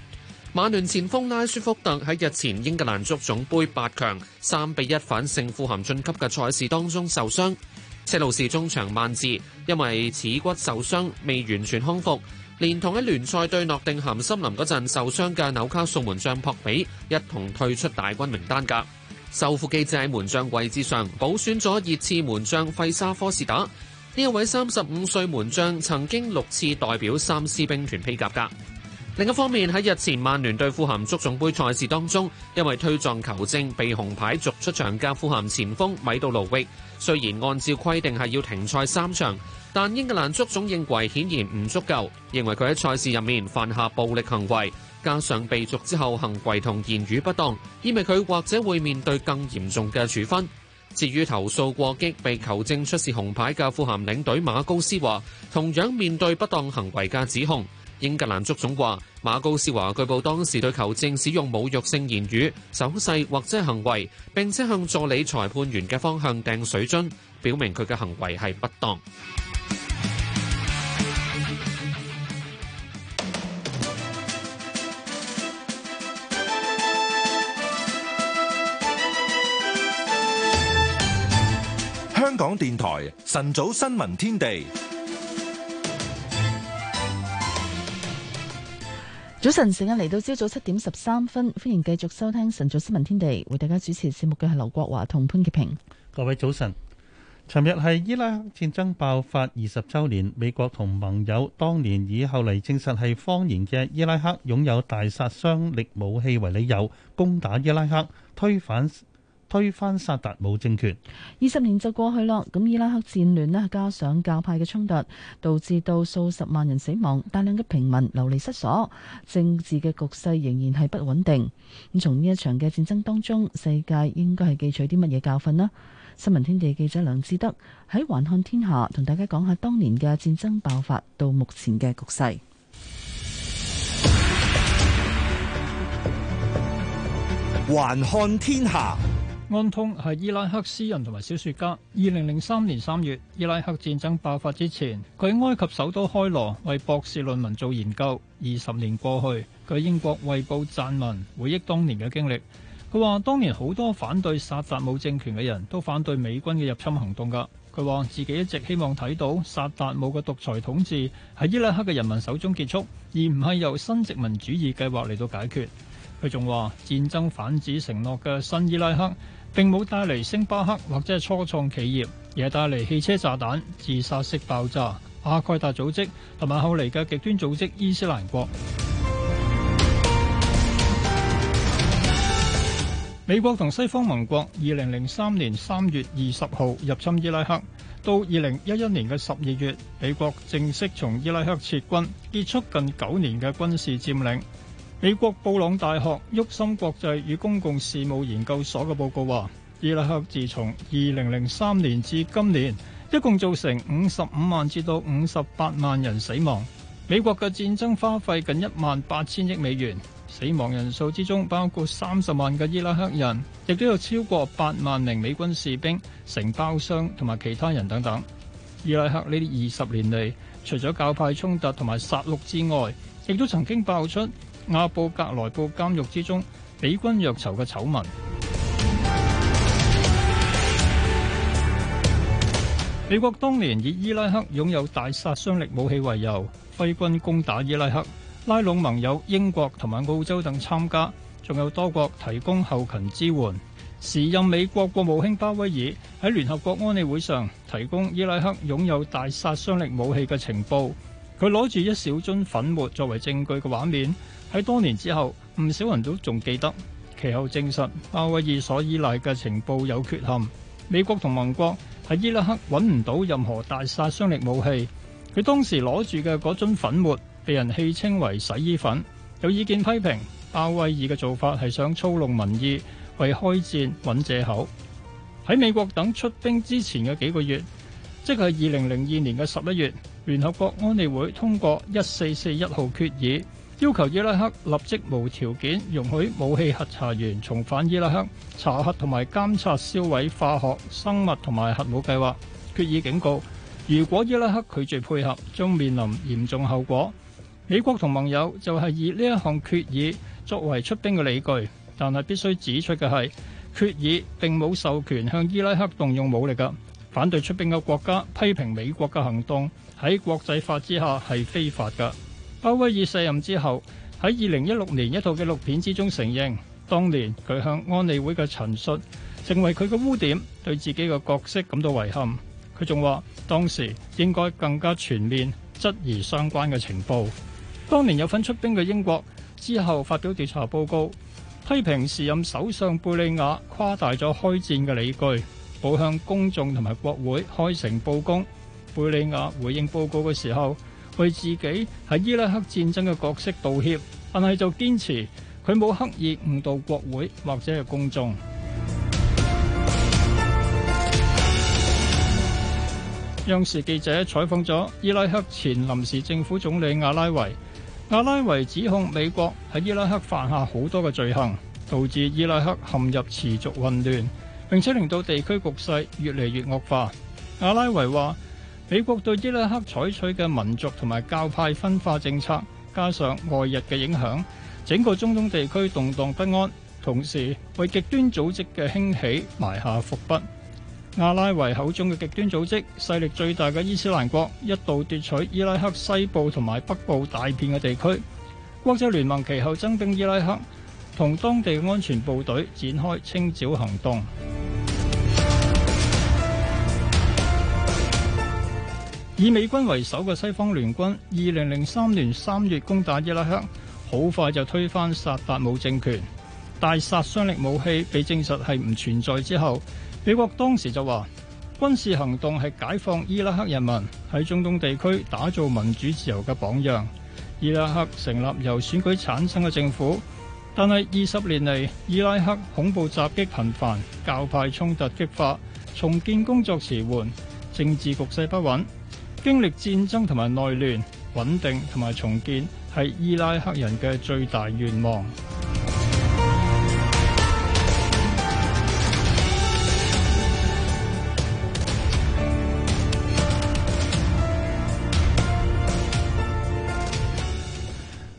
曼聯前鋒拉舒福特喺日前英格蘭足總杯八強三比一反勝富咸晉級嘅賽事當中受傷。車路士中場萬字因為恥骨受傷未完全康復，連同喺聯賽對諾定咸森林嗰陣受傷嘅紐卡素門將朴比一同退出大軍名單噶。受副機制喺門將位置上補選咗熱刺門將費沙科士達，呢一位三十五歲門將曾經六次代表三獅兵團披甲噶。另一方面，喺日前曼聯對富咸足總盃賽事當中，因為推撞球證被紅牌逐出場嘅富咸前鋒米杜勞域，雖然按照規定係要停賽三場，但英格蘭足總認為顯然唔足夠，認為佢喺賽事入面犯下暴力行為，加上被逐之後行為同言語不當，意味佢或者會面對更嚴重嘅處分。至於投訴過激被球證出示紅牌嘅富咸領隊馬高斯話，同樣面對不當行為嘅指控。英格蘭足總話，馬高斯華據報當時對球證使用侮辱性言語、手勢或者行為，並且向助理裁判員嘅方向掟水樽，表明佢嘅行為係不當。
香港電台晨早新聞天地。
早晨，時間嚟到朝早七點十三分，歡迎繼續收聽晨早新聞天地，為大家主持節目嘅係劉國華同潘潔平。
各位早晨，尋日係伊拉克戰爭爆發二十周年，美國同盟友當年以後嚟證實係謊言嘅伊拉克擁有大殺傷力武器為理由，攻打伊拉克，推翻。推翻薩達姆政權，
二十年就過去咯。咁伊拉克戰亂咧，加上教派嘅衝突，導致到數十萬人死亡，大量嘅平民流離失所，政治嘅局勢仍然係不穩定。咁從呢一場嘅戰爭當中，世界應該係記取啲乜嘢教訓呢？新聞天地記者梁志德喺《環看天下》同大家講下當年嘅戰爭爆發到目前嘅局勢。
環看天下。
安通係伊拉克詩人同埋小說家。二零零三年三月，伊拉克戰爭爆發之前，佢喺埃及首都開羅為博士論文做研究。二十年過去，佢喺英國衛報撰文，回憶當年嘅經歷。佢話：當年好多反對薩達姆政權嘅人都反對美軍嘅入侵行動㗎。佢話自己一直希望睇到薩達姆嘅獨裁統治喺伊拉克嘅人民手中結束，而唔係由新殖民主義計劃嚟到解決。佢仲話：戰爭反指承諾嘅新伊拉克。並冇帶嚟星巴克或者係初創企業，而係帶嚟汽車炸彈、自殺式爆炸、阿蓋達組織同埋後嚟嘅極端組織伊斯蘭國。 <music> 美國同西方盟國二零零三年三月二十號入侵伊拉克，到二零一一年嘅十二月，美國正式從伊拉克撤軍，結束近九年嘅軍事佔領。美國布朗大學沃森國際與公共事務研究所嘅報告話，伊拉克自從二零零三年至今年，一共造成五十五萬至到五十八萬人死亡。美國嘅戰爭花費近一萬八千億美元，死亡人數之中包括三十萬嘅伊拉克人，亦都有超過八萬名美軍士兵、承包商同埋其他人等等。伊拉克呢啲二十年嚟，除咗教派衝突同埋殺戮之外，亦都曾經爆出阿布格萊布監獄之中，美軍虐囚嘅醜聞。美國當年以伊拉克擁有大殺傷力武器為由，揮軍攻打伊拉克，拉攏盟友英國同埋澳洲等參加，仲有多國提供後勤支援。時任美國國務卿鮑威爾喺聯合國安理會上提供伊拉克擁有大殺傷力武器嘅情報。佢攞住一小樽粉末作為證據嘅畫面。喺多年之後，唔少人都仲記得。其後證實，鮑威爾所依賴嘅情報有缺陷。美國同盟國喺伊拉克揾唔到任何大殺傷力武器。佢當時攞住嘅嗰樽粉末被人戲稱為洗衣粉。有意見批評鮑威爾嘅做法係想操弄民意，為開戰揾借口。喺美國等出兵之前嘅幾個月，即係二零零二年嘅十一月，聯合國安理會通過一四四一號決議。要求伊拉克立即無條件容許武器核查員重返伊拉克查核、同埋監察銷毀化學生物同埋核武計劃。決議警告，如果伊拉克拒絕配合，將面臨嚴重後果。美國同盟友就係以呢一項決議作為出兵嘅理據，但係必須指出嘅係，決議並冇授權向伊拉克動用武力噶。反對出兵嘅國家批評美國嘅行動喺國際法之下係非法噶。鮑威爾卸任之後，喺二零一六年一套紀錄片之中承認，當年佢向安理會嘅陳述成為佢嘅污點，對自己嘅角色感到遺憾。佢仲話當時應該更加全面質疑相關嘅情報。當年有份出兵嘅英國之後發表調查報告，批評時任首相貝理雅誇大咗開戰嘅理據，冇向公眾同埋國會開誠布公。貝理雅回應報告嘅時候，為自己喺伊拉克戰爭嘅角色道歉，但係就堅持佢冇刻意誤導國會或者係公眾。 <music> 央視記者採訪咗伊拉克前臨時政府總理阿拉維，阿拉維指控美國喺伊拉克犯下好多嘅罪行，導致伊拉克陷入持續混亂，並且令到地區局勢越嚟越惡化。阿拉維話。美國對伊拉克採取嘅民族同埋教派分化政策，加上外日嘅影響，整個中東地區動盪不安，同時為極端組織嘅興起埋下伏筆。阿拉維口中嘅極端組織，勢力最大嘅伊斯蘭國一度奪取伊拉克西部同埋北部大片嘅地區。國際聯盟其後增兵伊拉克，同當地安全部隊展開清剿行動。以美軍為首嘅西方聯軍，二零零三年三月攻打伊拉克，好快就推翻薩達姆政權。大殺傷力武器被證實係唔存在之後，美國當時就話，軍事行動係解放伊拉克人民，喺中東地區打造民主自由嘅榜樣。伊拉克成立由選舉產生嘅政府，但係二十年嚟，伊拉克恐怖襲擊頻繁，教派衝突激化，重建工作遲緩，政治局勢不穩。經歷戰爭同埋內亂，穩定同埋重建，係伊拉克人嘅最大願望。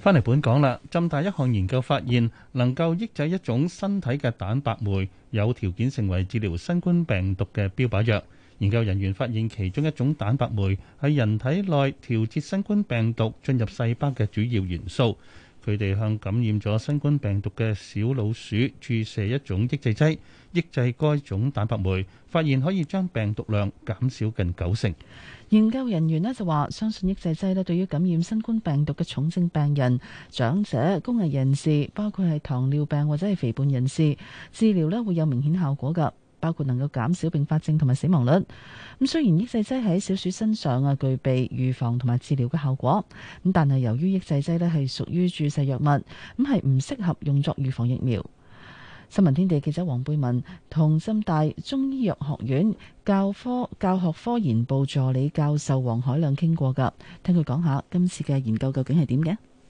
翻嚟本港啦，浸大一項研究發現，能夠抑制一種身體嘅蛋白酶，有條件成為治療新冠病毒嘅標靶藥。研究人員發現其中一種蛋白酶係人體內調節新冠病毒進入細胞嘅主要元素。佢哋向感染咗新冠病毒嘅小老鼠注射一種抑制劑，抑制該種蛋白酶，發現可以將病毒量減少近九成。
研究人員咧就話，相信抑制劑咧對於感染新冠病毒嘅重症病人、長者、工藝人士，包括係糖尿病或者係肥胖人士，治療咧會有明顯效果㗎。包括能夠減少併發症同埋死亡率。咁雖然抑制劑喺小鼠身上啊，具備預防同埋治療嘅效果。咁但係由於抑制劑咧係屬於注射藥物，咁係唔適合用作預防疫苗。新聞天地記者黃貝文同浸大中醫藥學院教科教學科研部助理教授黃海亮傾過噶，聽佢講下今次嘅研究究竟係點嘅。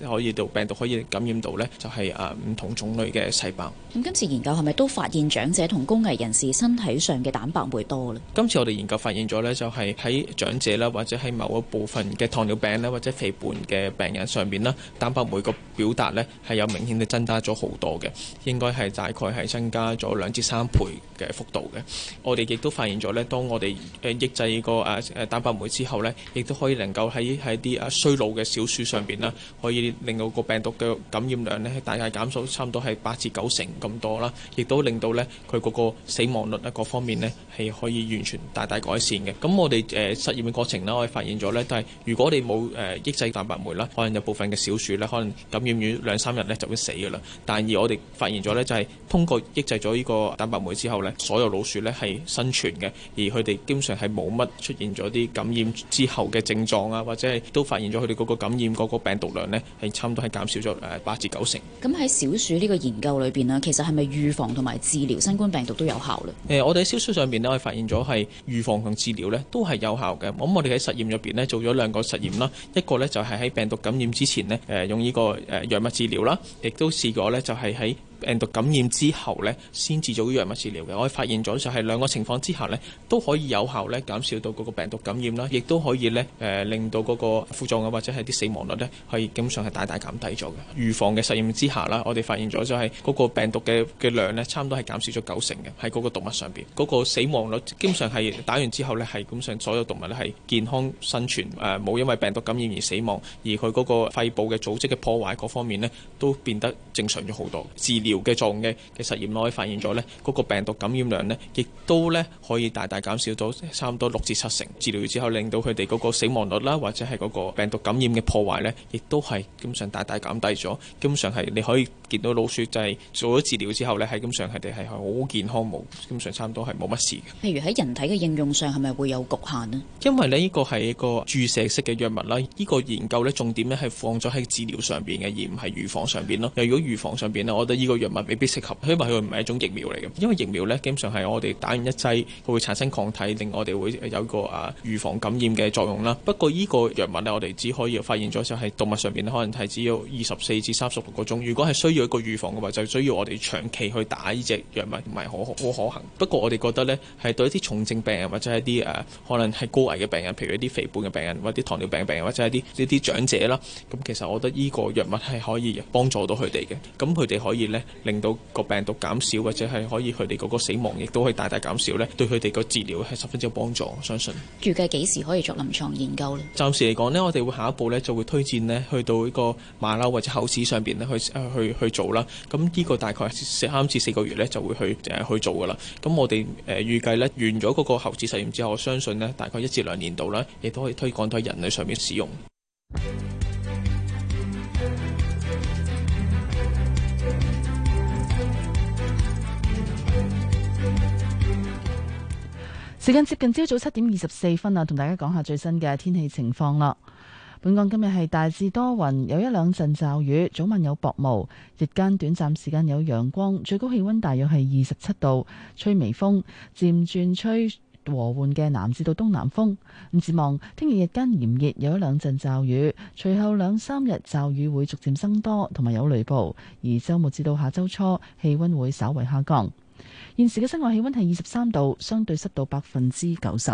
可以到病毒可以感染到呢，就係誒唔同種類嘅細胞。咁
今次研究係咪都發現長者同高危人士身體上嘅蛋白酶多呢？
今次我哋研究發現咗呢，就係喺長者啦，或者喺某一部分嘅糖尿病咧，或者肥胖嘅病人上邊啦，蛋白酶個表達呢，係有明顯嘅增加咗好多嘅，應該係大概係增加咗兩至三倍嘅幅度嘅。我哋亦都發現咗呢，當我哋誒抑制個誒誒蛋白酶之後呢，亦都可以能夠喺喺啲誒衰老嘅小鼠上邊啦，可以。以令到個病毒嘅感染量咧大概減少差唔多係八至九成咁多啦，亦都令到咧佢嗰個死亡率咧各方面咧係可以完全大大改善嘅。咁我哋誒實驗嘅過程啦，我哋發現咗咧都係，如果我哋冇誒抑制蛋白酶啦，可能有部分嘅小鼠咧可能感染完兩三日咧就會死噶啦。但而我哋發現咗咧就係通過抑制咗呢個蛋白酶之後咧，所有老鼠咧係生存嘅，而佢哋經常係冇乜出現咗啲感染之後嘅症狀啊，或者係都發現咗佢哋嗰個感染嗰個病毒量咧，係差唔多係減少咗誒八至九成。
咁喺小鼠呢個研究裏邊呢，其實係咪預防同埋治療新冠病
毒都有效呢？誒、
呃，我哋喺小鼠上邊呢，我發現咗係預防同治療呢都係有效嘅。咁我哋喺實驗入邊呢，做咗兩個實驗啦，一個呢，就係喺病毒感染之前呢，誒用呢個誒藥物治療啦，亦都試過呢，就係喺。病毒感染之後呢，先至做藥物治療嘅。我哋發現咗就係兩個情況之下呢，都可以有效呢減少到嗰個病毒感染啦，亦都可以呢誒、呃、令到嗰個副作用或者係啲死亡率呢，係基本上係大大減低咗嘅。預防嘅實驗之下啦，我哋發現咗就係、是、嗰、那個病毒嘅嘅量呢，差唔多係減少咗九成嘅喺嗰個動物上邊。嗰、那個死亡率基本上係打完之後呢，係基本上所有動物呢，係健康生存誒，冇、呃、因為病毒感染而死亡，而佢嗰個肺部嘅組織嘅破壞嗰方面呢，都變得正常咗好多治療療嘅作用嘅嘅實驗內發現咗咧，嗰個病毒感染量咧，亦都咧可以大大減少咗差唔多六至七成。治療之後令到佢哋嗰個死亡率啦，或者係嗰個病毒感染嘅破壞咧，亦都係基本上大大減低咗。基本上係你可以見到老鼠就係做咗治療之後咧，係基本上係哋係好健康冇，基本上差唔多係冇乜事。
譬如喺人體嘅應用上係咪會有局限咧？
因為咧呢個係一個注射式嘅藥物啦，呢個研究咧重點咧係放咗喺治療上邊嘅，而唔係預防上邊咯。又如果預防上邊咧，我覺得呢個藥物未必適合，因為佢唔係一種疫苗嚟嘅。因為疫苗呢，基本上係我哋打完一劑，佢會產生抗體，令我哋會有一個啊預防感染嘅作用啦。不過呢個藥物呢，我哋只可以發現咗就係動物上面可能係只有二十四至三十六個鐘。如果係需要一個預防嘅話，就需要我哋長期去打呢隻藥物，唔係可好可行。不過我哋覺得呢，係對一啲重症病人或者係啲誒可能係高危嘅病人，譬如一啲肥胖嘅病人，或者一啲糖尿病病人，或者係啲呢啲長者啦，咁其實我覺得呢個藥物係可以幫助到佢哋嘅，咁佢哋可以呢。令到個病毒減少，或者係可以佢哋嗰個死亡亦都可以大大減少呢，對佢哋個治療係十分之有幫助。我相信
預計幾時可以作臨床研究呢？
暫時嚟講呢，我哋會下一步呢就會推薦呢去到呢個馬騮或者猴子上邊呢去去去，去做啦。咁呢個大概四三至四個月呢就會去誒去做噶啦。咁我哋誒預計呢，完咗嗰個猴子實驗之後，我相信呢大概一至兩年度呢，亦都可以推廣到人類上面使用。
時間接近朝早七點二十四分啊，同大家講下最新嘅天氣情況啦。本港今日係大致多雲，有一兩陣驟雨，早晚有薄霧，日間短暫時間有陽光，最高氣溫大約係二十七度，吹微風，漸轉吹和緩嘅南至到東南風。咁展望，聽日日間炎熱，有一兩陣驟雨，隨後兩三日驟雨會逐漸增多，同埋有雷暴，而周末至到下周初，氣溫會稍為下降。現時嘅室外氣溫係二十三度，相對濕度百分之九十。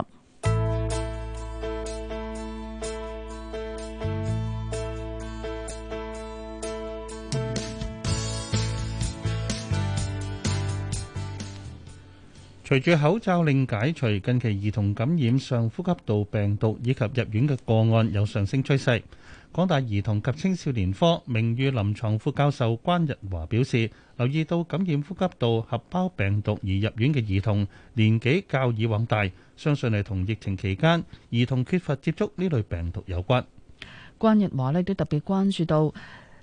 隨住口罩令解除，近期兒童感染上呼吸道病毒以及入院嘅個案有上升趨勢。港大兒童及青少年科名譽臨床副教授關日華表示，留意到感染呼吸道合胞病毒而入院嘅兒童年紀較以往大，相信係同疫情期間兒童缺乏接觸呢類病毒有關。
關日華呢都特別關注到，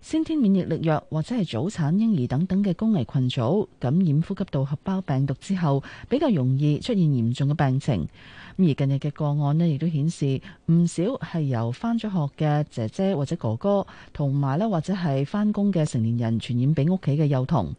先天免疫力弱或者係早產嬰兒等等嘅高危群組感染呼吸道合胞病毒之後，比較容易出現嚴重嘅病情。咁而近日嘅個案呢，亦都顯示唔少係由翻咗學嘅姐姐或者哥哥，同埋呢或者係翻工嘅成年人傳染俾屋企嘅幼童。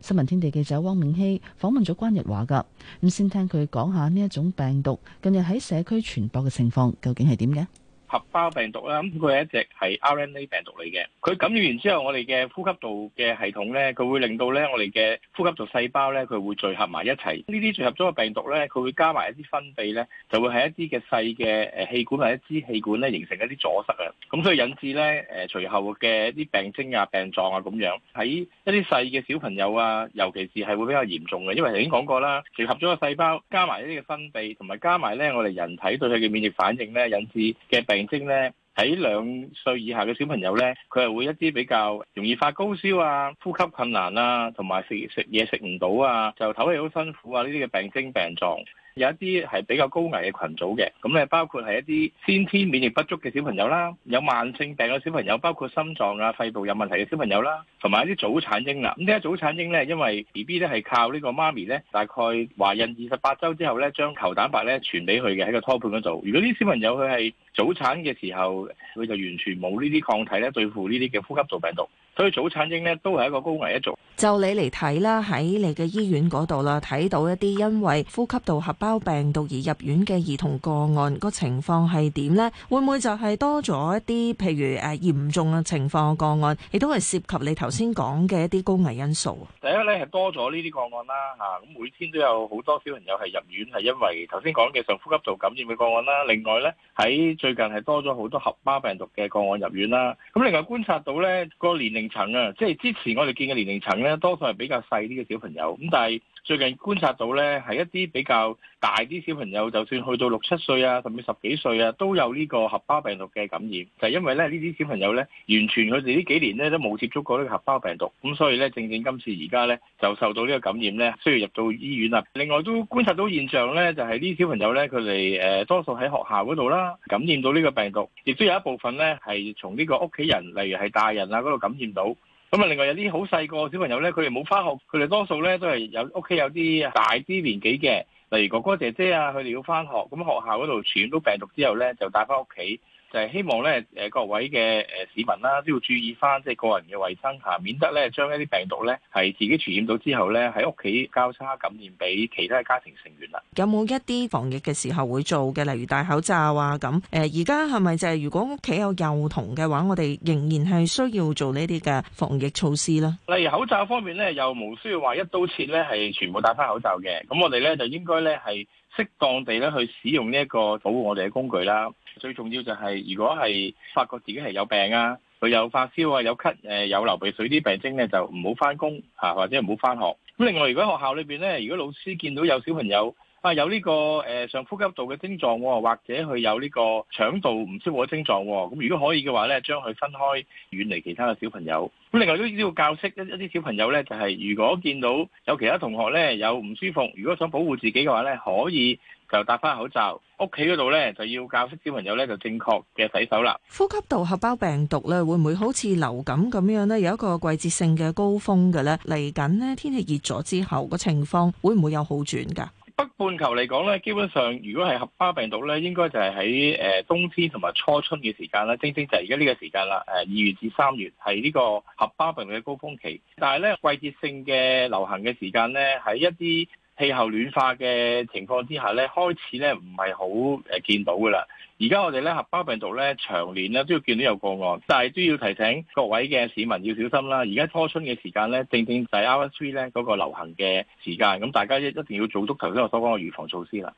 新聞天地記者汪敏熙訪問咗關日華噶，咁先聽佢講下呢一種病毒近日喺社區傳播嘅情況究竟係點嘅。
合胞病毒啦，咁佢係一隻係 RNA 病毒嚟嘅。佢感染完之後，我哋嘅呼吸道嘅系統咧，佢會令到咧我哋嘅呼吸道細胞咧，佢會聚合埋一齊。呢啲聚合咗嘅病毒咧，佢會加埋一啲分泌咧，就會喺一啲嘅細嘅誒氣管或者支氣管咧，形成一啲阻塞啊。咁所以引致咧誒隨後嘅一啲病徵啊、病狀啊咁樣。喺一啲細嘅小朋友啊，尤其是係會比較嚴重嘅，因為頭先講過啦，聚合咗嘅細胞加埋一啲嘅分泌，同埋加埋咧我哋人體對佢嘅免疫反應咧，引致嘅病。病徵咧，喺兩歲以下嘅小朋友咧，佢係會一啲比較容易發高燒啊、呼吸困難啊、同埋食食嘢食唔到啊、就唞氣好辛苦啊，呢啲嘅病徵病狀。有一啲係比較高危嘅群組嘅，咁咧包括係一啲先天免疫不足嘅小朋友啦，有慢性病嘅小朋友，包括心臟啊、肺部有問題嘅小朋友啦，同埋一啲早產嬰啦。咁點解早產嬰咧，因為 B B 咧係靠呢個媽咪咧，大概懷孕二十八週之後咧，將球蛋白咧傳俾佢嘅喺個胎盤嗰度。如果啲小朋友佢係早產嘅時候，佢就完全冇呢啲抗體咧對付呢啲嘅呼吸道病毒，所以早產嬰咧都係一個高危一族。
就你嚟睇啦，喺你嘅醫院嗰度啦，睇到一啲因為呼吸道合胞病毒而入院嘅兒童個案，個情況係點呢？會唔會就係多咗一啲譬如誒、啊、嚴重嘅情況個案，亦都係涉及你頭先講嘅一啲高危因素？
第一咧係多咗呢啲個案啦，嚇咁每天都有好多小朋友係入院係因為頭先講嘅上呼吸道感染嘅個案啦。另外咧喺最近係多咗好多合胞病毒嘅個案入院啦。咁另外觀察到咧個年齡層啊，即係之前我哋見嘅年齡層。咧多數係比較細啲嘅小朋友，咁但係最近觀察到呢係一啲比較大啲小朋友，就算去到六七歲啊，甚至十幾歲啊，都有呢個合胞病毒嘅感染。就係因為咧呢啲小朋友呢，完全佢哋呢幾年呢都冇接觸過呢個合胞病毒，咁所以呢，正正今次而家呢就受到呢個感染呢，需要入到醫院啦。另外都觀察到現象呢，就係呢啲小朋友呢，佢哋誒多數喺學校嗰度啦，感染到呢個病毒，亦都有一部分呢係從呢個屋企人，例如係大人啊嗰度感染到。咁啊，另外有啲好細個小朋友咧，佢哋冇翻學，佢哋多數咧都係有屋企有啲大啲年紀嘅，例如哥哥姐姐啊，佢哋要翻學，咁學校嗰度傳到病毒之後咧，就帶翻屋企。就係希望咧，誒、呃、各位嘅誒、呃、市民啦、啊，都要注意翻即係個人嘅衞生嚇，免得咧將一啲病毒咧係自己傳染到之後咧喺屋企交叉感染俾其他嘅家庭成員啦。
有冇一啲防疫嘅時候會做嘅，例如戴口罩啊咁？誒、呃，而家係咪就係如果屋企有幼童嘅話，我哋仍然係需要做呢啲嘅防疫措施啦？
例如口罩方面咧，又冇需要話一刀切咧，係全部戴翻口罩嘅。咁我哋咧就應該咧係適當地咧去使用呢一個保護我哋嘅工具啦。最重要就係，如果係發覺自己係有病啊，佢有發燒啊，有咳，誒有流鼻水啲病徵咧，就唔好返工嚇，或者唔好返學。咁另外，如果學校裏邊咧，如果老師見到有小朋友啊有呢個誒上呼吸道嘅症狀，或者佢有呢個腸道唔舒服嘅症狀，咁如果可以嘅話咧，將佢分開遠離其他嘅小朋友。咁另外都要教識一一啲小朋友咧，就係如果見到有其他同學咧有唔舒服，如果想保護自己嘅話咧，可以。就戴翻口罩，屋企嗰度咧就要教識小朋友咧就正確嘅洗手啦。
呼吸道合胞病毒咧會唔會好似流感咁樣咧有一個季節性嘅高峰嘅咧？嚟緊咧天氣熱咗之後個情況會唔會有好轉噶？
北半球嚟講咧，基本上如果係合胞病毒咧，應該就係喺誒冬天同埋初春嘅時間啦，正正就係而家呢個時間啦。誒二月至三月係呢個合胞病毒嘅高峰期，但係咧季節性嘅流行嘅時間咧喺一啲。氣候暖化嘅情況之下咧，開始咧唔係好誒見到㗎啦。而家我哋咧，合胞病毒咧長年咧都要見到有個案，但係都要提醒各位嘅市民要小心啦。而家初春嘅時間咧，正正就係 RSV 咧嗰個流行嘅時間，咁大家一一定要做足頭先我所講嘅預防措施啦。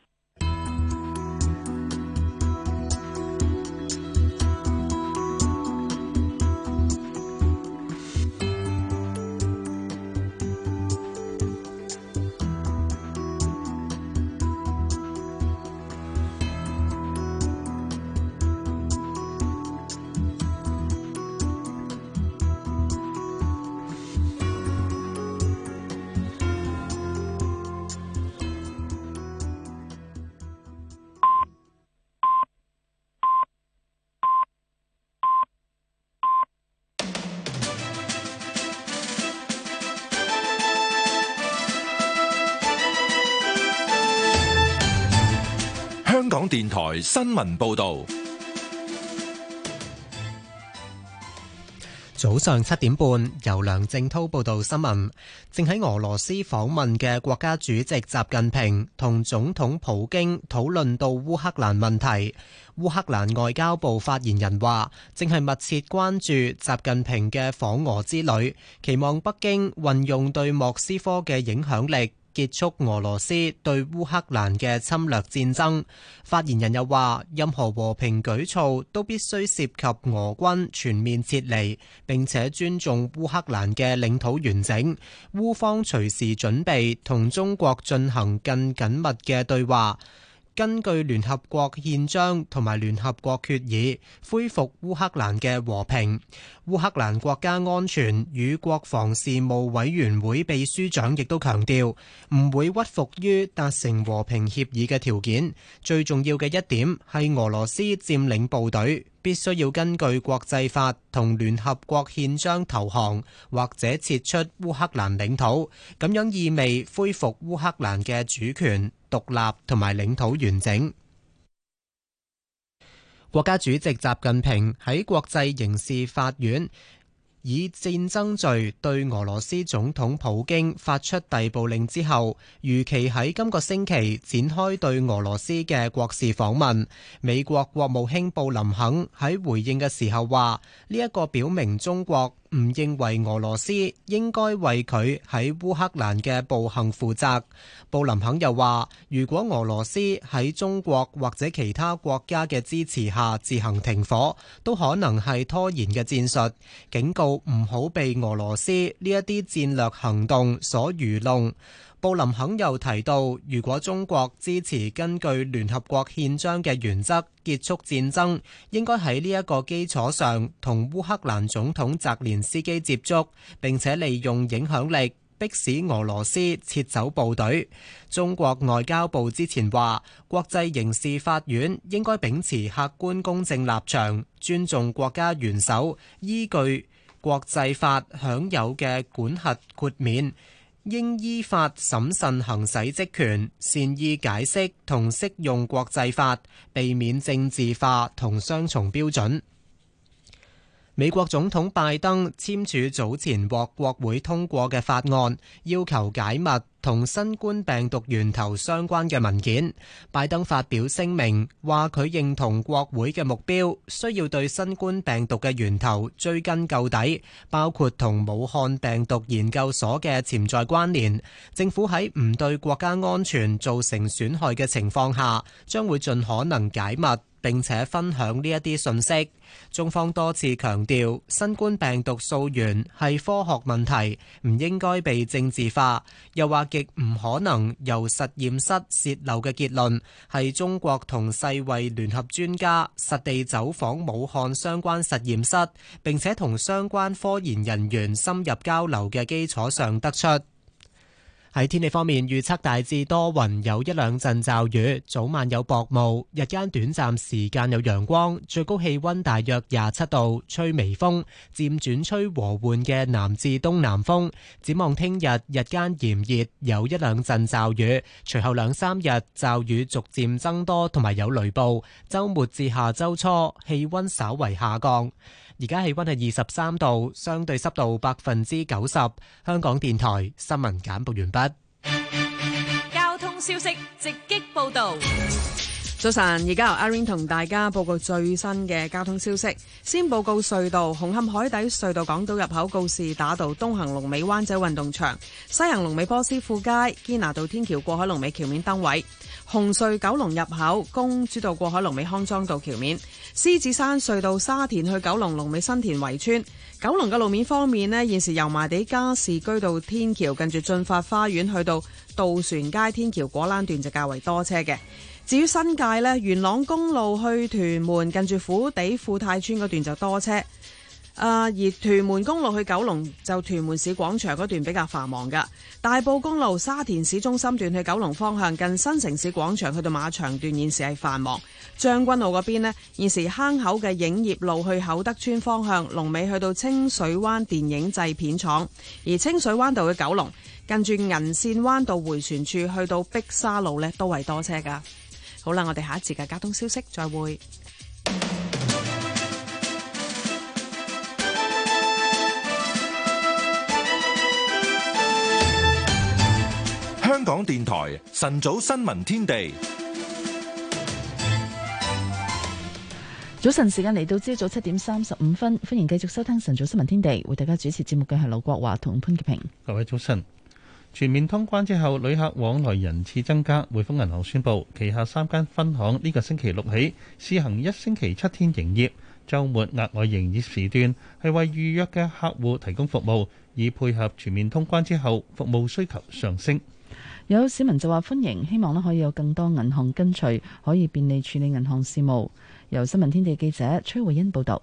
新聞報道。
早上七點半，由梁正濤報道新聞。正喺俄羅斯訪問嘅國家主席習近平同總統普京討論到烏克蘭問題。烏克蘭外交部發言人話，正係密切關注習近平嘅訪俄之旅，期望北京運用對莫斯科嘅影響力。結束俄羅斯對烏克蘭嘅侵略戰爭。發言人又話，任何和平舉措都必須涉及俄軍全面撤離，並且尊重烏克蘭嘅領土完整。烏方隨時準備同中國進行更緊密嘅對話。根據聯合國憲章同埋聯合國決議，恢復烏克蘭嘅和平。烏克蘭國家安全與國防事務委員會秘書長亦都強調，唔會屈服於達成和平協議嘅條件。最重要嘅一點係，俄羅斯佔領部隊必須要根據國際法同聯合國憲章投降，或者撤出烏克蘭領土，咁樣意味恢復烏克蘭嘅主權。獨立同埋領土完整。國家主席習近平喺國際刑事法院以戰爭罪對俄羅斯總統普京發出逮捕令之後，如期喺今個星期展開對俄羅斯嘅國事訪問。美國國務卿布林肯喺回應嘅時候話：呢一個表明中國。唔認為俄羅斯應該為佢喺烏克蘭嘅暴行負責。布林肯又話，如果俄羅斯喺中國或者其他國家嘅支持下自行停火，都可能係拖延嘅戰術，警告唔好被俄羅斯呢一啲戰略行動所愚弄。布林肯又提到，如果中國支持根據聯合國憲章嘅原則結束戰爭，應該喺呢一個基礎上同烏克蘭總統澤連斯基接觸，並且利用影響力迫使俄羅斯撤走部隊。中國外交部之前話，國際刑事法院應該秉持客觀公正立場，尊重國家元首，依據國際法享有嘅管轄豁免。應依法審慎行使職權，善意解釋同適用國際法，避免政治化同雙重標準。美國總統拜登簽署早前獲國會通過嘅法案，要求解密同新冠病毒源頭相關嘅文件。拜登發表聲明，話佢認同國會嘅目標，需要對新冠病毒嘅源頭追根究底，包括同武漢病毒研究所嘅潛在關聯。政府喺唔對國家安全造成損害嘅情況下，將會盡可能解密。並且分享呢一啲信息。中方多次強調，新冠病毒溯源係科學問題，唔應該被政治化。又話極唔可能由實驗室泄漏嘅結論，係中國同世衛聯合專家實地走訪武漢相關實驗室，並且同相關科研人員深入交流嘅基礎上得出。喺天氣方面，預測大致多雲，有一兩陣驟雨，早晚有薄霧，日間短暫時間有陽光，最高氣溫大約廿七度，吹微風，漸轉吹和緩嘅南至東南風。展望聽日日間炎熱，有一兩陣驟雨，隨後兩三日驟雨逐漸增多，同埋有雷暴。周末至下周初氣溫稍為下降。而家氣溫係二十三度，相對濕度百分之九十。香港電台新聞簡報完畢。
交通消息直擊報道。
早晨，而家由阿 Ring 同大家報告
最新嘅交通消息。先報告隧道紅磡海底隧道港島入口告士打道東行龍尾灣仔運動場，西行龍尾波斯富街堅拿道天橋過海龍尾橋面燈位；紅隧九龍入口公主道過海龍尾康莊道橋面；獅子山隧道沙田去九龍龍尾新田圍村。九龍嘅路面方面呢，現時油麻地加士居道天橋跟住駿發花園去到渡船街天橋果欄段就較為多車嘅。至於新界呢，元朗公路去屯門近住虎地富泰村嗰段就多車。啊、呃，而屯門公路去九龍就屯門市廣場嗰段比較繁忙嘅。大埔公路沙田市中心段去九龍方向，近新城市廣場去到馬場段現時係繁忙。將軍澳嗰邊咧，現時坑口嘅影業路去厚德村方向，龍尾去到清水灣電影製片廠。而清水灣道去九龍近住銀線灣道迴旋處去到碧沙路呢，都係多車噶。好啦，我哋下一節嘅交通消息再會。
香港電台晨早新聞天地，
早晨時間嚟到朝早七點三十五分，歡迎繼續收聽晨早新聞天地，為大家主持節目嘅
係劉國華同潘潔平。各位早晨。全面通關之後，旅客往來人次增加。匯豐銀行宣布，旗下三間分行呢個星期六起試行一星期七天營業，週末額外營業時段係為預約嘅客戶提供服務，以配合全面通關之後服務需求上升。
有市民就話歡迎，希望呢可以有更多銀行跟隨，可以便利處理銀行事務。由新聞天
地記者崔慧欣報道。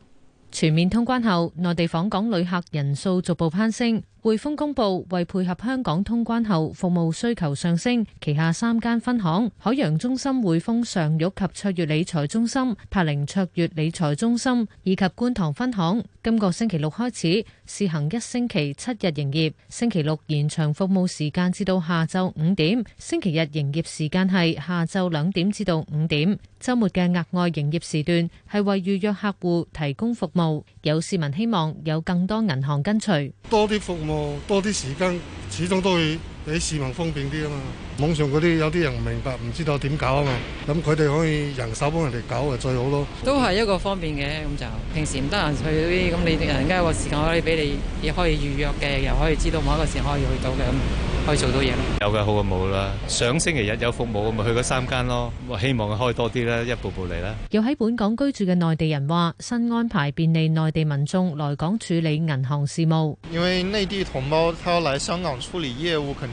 全面通關後，內地訪港旅客人數逐步攀升。匯豐公布，為配合香港通關後服務需求上升，旗下三間分行——海洋中心、匯豐尚玉及卓越理財中心、柏寧卓越理財中心以及觀塘分行，今個星期六開始試行一星期七日營業，星期六延長服務時間至到下晝五點，星期日營業時間係下晝兩點至到五點，週末嘅額外營業時段係為預約客戶提供服務。有市民希望有更多銀行跟隨，
多啲服務。哦，多啲時間始終都會。俾市民方便
啲啊嘛，網上嗰啲有啲人唔明白，唔知道點搞啊嘛，咁佢哋可以人手幫人哋搞就最好咯。
都係
一個方便嘅，咁就平時唔得閒去嗰啲，咁你哋人家有個時間可以俾你，你可以預約嘅，又可以知道某一個時間可以去到嘅，咁
可以做到嘢咯。有嘅好嘅冇啦，上星期日有服務，我咪去咗三間咯，希望開多啲啦，一步步嚟啦。
又喺本港居住嘅內地人話：新安排便利內地民眾來港處理銀行事務，因為
內地同胞他來香港處理業務，肯。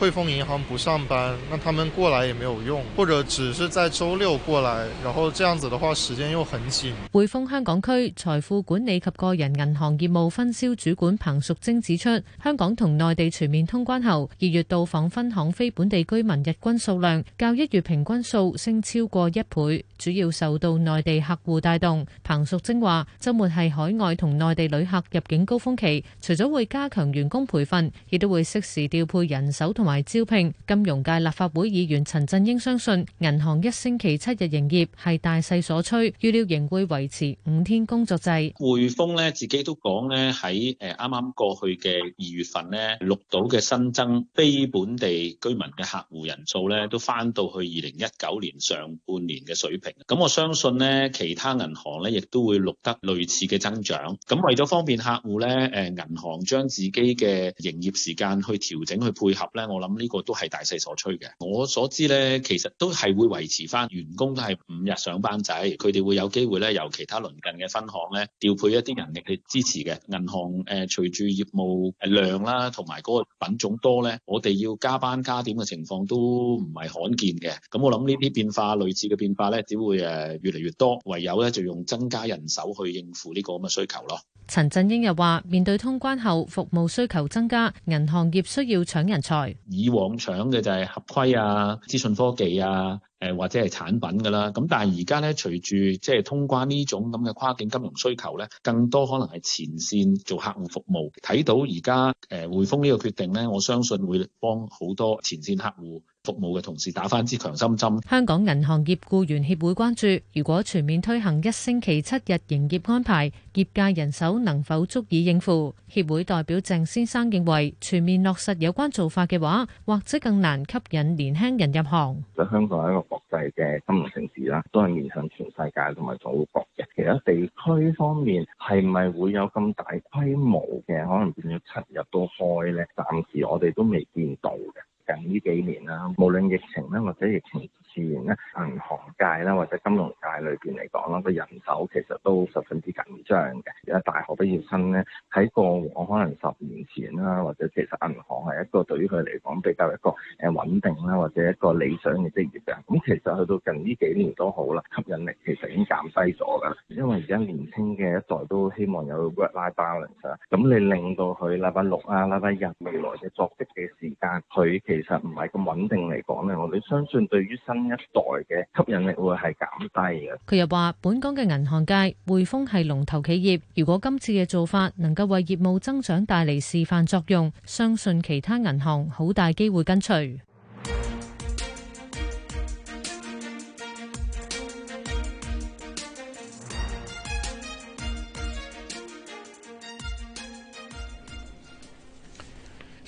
匯豐銀行不上班，那他們過來也沒有用，或者只是在周六過來，然後這樣子的話時間又很緊。
匯豐香港區財富管理及個人銀行業務分銷主管彭淑貞指出，香港同內地全面通關後，二月到訪分行非本地居民日均數量較一月平均數升超過一倍，主要受到內地客戶帶動。彭淑貞話：周末係海外同內地旅客入境高峰期，除咗會加強員工培訓，亦都會適時調配人手同。外招聘。金融界立法會議員陳振英相信銀行一星期七日營業係大勢所趨，預料仍會維持五天工作制。
匯豐咧自己都講咧喺誒啱啱過去嘅二月份咧，錄到嘅新增非本地居民嘅客戶人數咧都翻到去二零一九年上半年嘅水平。咁我相信咧，其他銀行咧亦都會錄得類似嘅增長。咁為咗方便客戶咧，誒銀行將自己嘅營業時間去調整去配合咧。我諗呢個都係大勢所趨嘅。我所知呢，其實都係會維持翻員工都係五日上班制。佢哋會有機會咧由其他鄰近嘅分行咧調配一啲人力去支持嘅。銀行誒、呃、隨住業務量啦，同埋嗰個品種多呢，我哋要加班加點嘅情況都唔係罕見嘅。咁我諗呢啲變化、類似嘅變化呢，只會誒越嚟越多，唯有呢，就用增加人手去應付呢個咁嘅需求咯。
陳振英又話：面對通關後服務需求增加，銀行業需要搶人才。
以往搶嘅就係合規啊、資訊科技啊、誒或者係產品噶啦。咁但係而家咧，隨住即係通關呢種咁嘅跨境金融需求咧，更多可能係前綫做客戶服務。睇到而家誒匯豐呢個決定咧，我相信會幫好多前綫客戶服務嘅同事打翻支強心針。
香港銀行業僱員協會關注，如果全面推行一星期七日營業安排，業界人手能否足以應付？協會代表鄭先生認為，全面落實有關做法嘅話，或者更難吸引年輕人入行。
香港係一個國際嘅金融城市啦，都係面向全世界同埋祖國嘅。其他地區方面係咪會有咁大規模嘅可能變咗七日都開呢？暫時我哋都未見到嘅。近呢幾年啦、啊，無論疫情啦，或者疫情。自然咧，銀行界啦，或者金融界裏邊嚟講啦，個人手其實都十分之緊張嘅。而家大學畢業生咧，喺過往可能十年前啦，或者其實銀行係一個對於佢嚟講比較一個誒穩定啦，或者一個理想嘅職業嘅。咁其實去到近呢幾年都好啦，吸引力其實已經減低咗㗎。因為而家年輕嘅一代都希望有 work-life balance。咁你令到佢禮拜六啊、禮拜日未來嘅作息嘅時間，佢其實唔係咁穩定嚟講咧。我哋相信對於新一代嘅吸引力會係減低嘅。
佢又話，本港嘅銀行界，滙豐係龍頭企業，如果今次嘅做法能夠為業務增長帶嚟示範作用，相信其他銀行好大機會跟隨。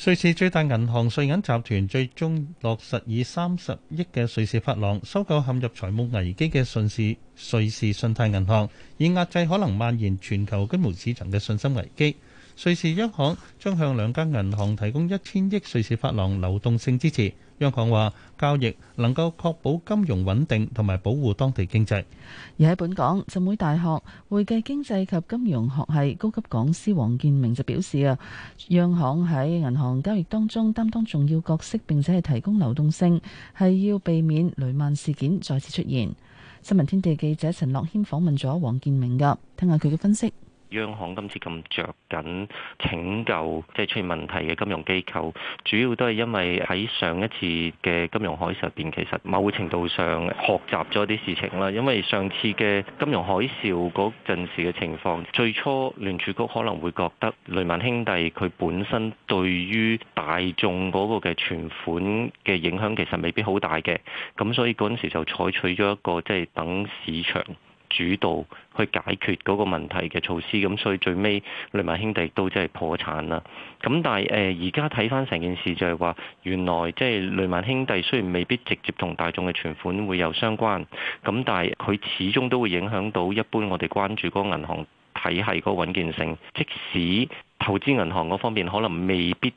瑞士最大銀行瑞銀集團最終落實以三十億嘅瑞士法郎收購陷入財務危機嘅瑞士瑞士信貸銀行，以壓制可能蔓延全球金融市場嘅信心危機。瑞士央行將向兩間銀行提供一千億瑞士法郎流動性支持。央行話交易能夠確保金融穩定同埋保護當地經濟。
而喺本港浸會大學會計經濟及金融學系高級講師黃建明就表示啊，央行喺銀行交易當中擔當重要角色，並且係提供流動性，係要避免雷曼事件再次出現。新聞天地記者陳樂謙訪問咗黃建明㗎，聽下佢嘅分析。
央行今次咁着緊拯救即係、就是、出現問題嘅金融機構，主要都係因為喺上一次嘅金融海嘯入邊，其實某程度上學習咗啲事情啦。因為上次嘅金融海嘯嗰陣時嘅情況，最初聯儲局可能會覺得雷曼兄弟佢本身對於大眾嗰個嘅存款嘅影響其實未必好大嘅，咁所以嗰陣時就採取咗一個即係、就是、等市場。主導去解決嗰個問題嘅措施，咁所以最尾雷曼兄弟都即係破產啦。咁但係誒，而家睇返成件事就係話，原來即係雷曼兄弟雖然未必直接同大眾嘅存款會有相關，咁但係佢始終都會影響到一般我哋關注嗰個銀行體系嗰個穩健性。即使投資銀行嗰方面可能未必。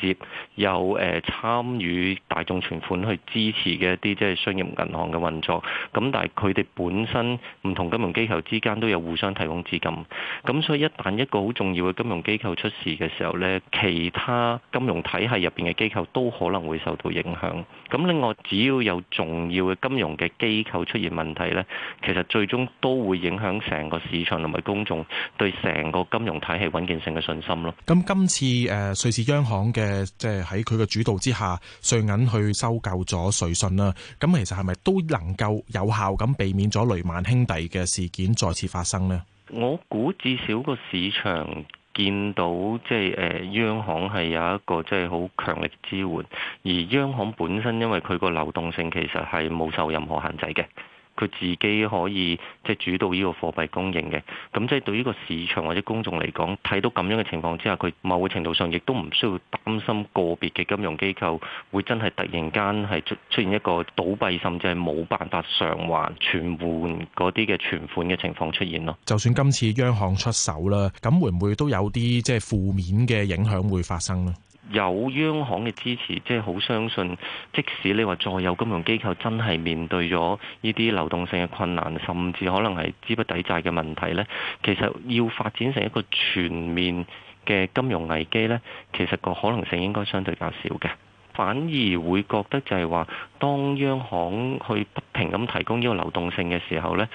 接有誒參與大眾存款去支持嘅一啲即係商業銀行嘅運作，咁但係佢哋本身唔同金融機構之間都有互相提供資金，咁所以一旦一個好重要嘅金融機構出事嘅時候咧，其他金融體系入邊嘅機構都可能會受到影響，咁另外，只要有重要嘅金融嘅機構出現問題咧，其實最終都會影響成個市場同埋公眾對成個金融體系穩健性嘅信心咯。
咁今次誒、呃、瑞士央行嘅誒，即係喺佢嘅主導之下，瑞銀去收購咗瑞信啦。咁其實係咪都能夠有效咁避免咗雷曼兄弟嘅事件再次發生呢？
我估至少個市場見到，即係誒、呃，央行係有一個即係好強力支援，而央行本身因為佢個流動性其實係冇受任何限制嘅。佢自己可以即係主導呢個貨幣供應嘅，咁即係對呢個市場或者公眾嚟講睇到咁樣嘅情況之下，佢某個程度上亦都唔需要擔心個別嘅金融機構會真係突然間，係出出現一個倒閉，甚至係冇辦法償還存換嗰啲嘅存款嘅情況出現咯。
就算今次央行出手啦，咁會唔會都有啲即係負面嘅影響會發生咧？
有央行嘅支持，即係好相信，即使你話再有金融機構真係面對咗呢啲流動性嘅困難，甚至可能係資不抵債嘅問題咧，其實要發展成一個全面嘅金融危機咧，其實個可能性應該相對較少嘅，反而會覺得就係話當央行去不停咁提供呢個流動性嘅時候咧，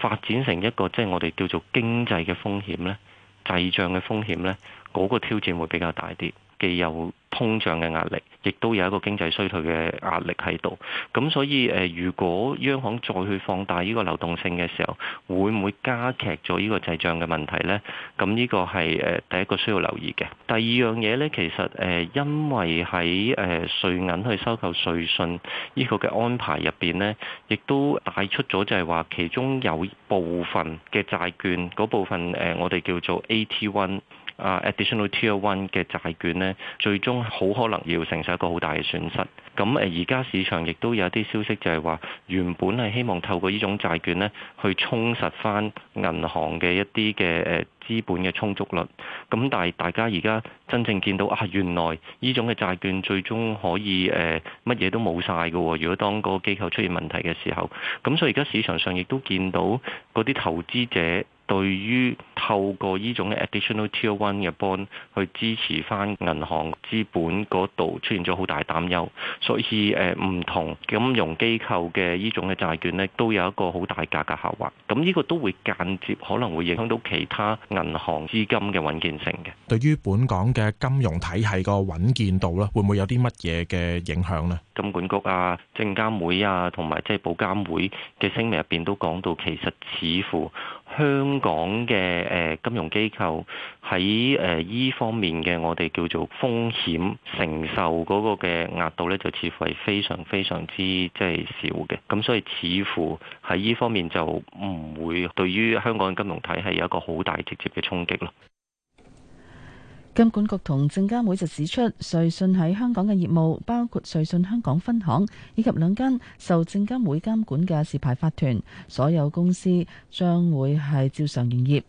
發展成一個即係、就是、我哋叫做經濟嘅風險咧、滯脹嘅風險咧，嗰、那個挑戰會比較大啲。既有通脹嘅壓力，亦都有一個經濟衰退嘅壓力喺度。咁所以誒、呃，如果央行再去放大呢個流動性嘅時候，會唔會加劇咗呢個滯脹嘅問題呢？咁呢個係誒、呃、第一個需要留意嘅。第二樣嘢呢，其實誒、呃、因為喺誒瑞銀去收購瑞信呢個嘅安排入邊呢，亦都帶出咗就係話其中有部分嘅債券嗰部分誒、呃，我哋叫做 AT1。啊，additional tier one 嘅債券咧，最終好可能要承受一個好大嘅損失。咁誒，而家市場亦都有啲消息就係話，原本係希望透過呢種債券咧，去充實翻銀行嘅一啲嘅誒資本嘅充足率。咁但係大家而家真正見到啊，原來呢種嘅債券最終可以誒乜嘢都冇晒嘅喎。如果當個機構出現問題嘅時候，咁所以而家市場上亦都見到嗰啲投資者。對於透過呢種嘅 additional tier one 嘅 bond 去支持翻銀行資本嗰度出現咗好大擔憂，所以誒唔同金融機構嘅呢種嘅債券咧，都有一個好大價格下滑。咁呢個都會間接可能會影響到其他銀行資金嘅穩健性嘅。
對於本港嘅金融體系個穩健度咧，會唔會有啲乜嘢嘅影響呢？
金管局啊、證監會啊，同埋即係保監會嘅聲明入邊都講到，其實似乎。香港嘅誒金融機構喺誒依方面嘅，我哋叫做風險承受嗰個嘅額度咧，就似乎係非常非常之即係少嘅。咁所以似乎喺依方面就唔會對於香港金融體系有一個好大直接嘅衝擊咯。
金管局同證監會就指出，瑞信喺香港嘅業務包括瑞信香港分行以及兩間受證監會監管嘅持牌法團，所有公司將會係照常營業，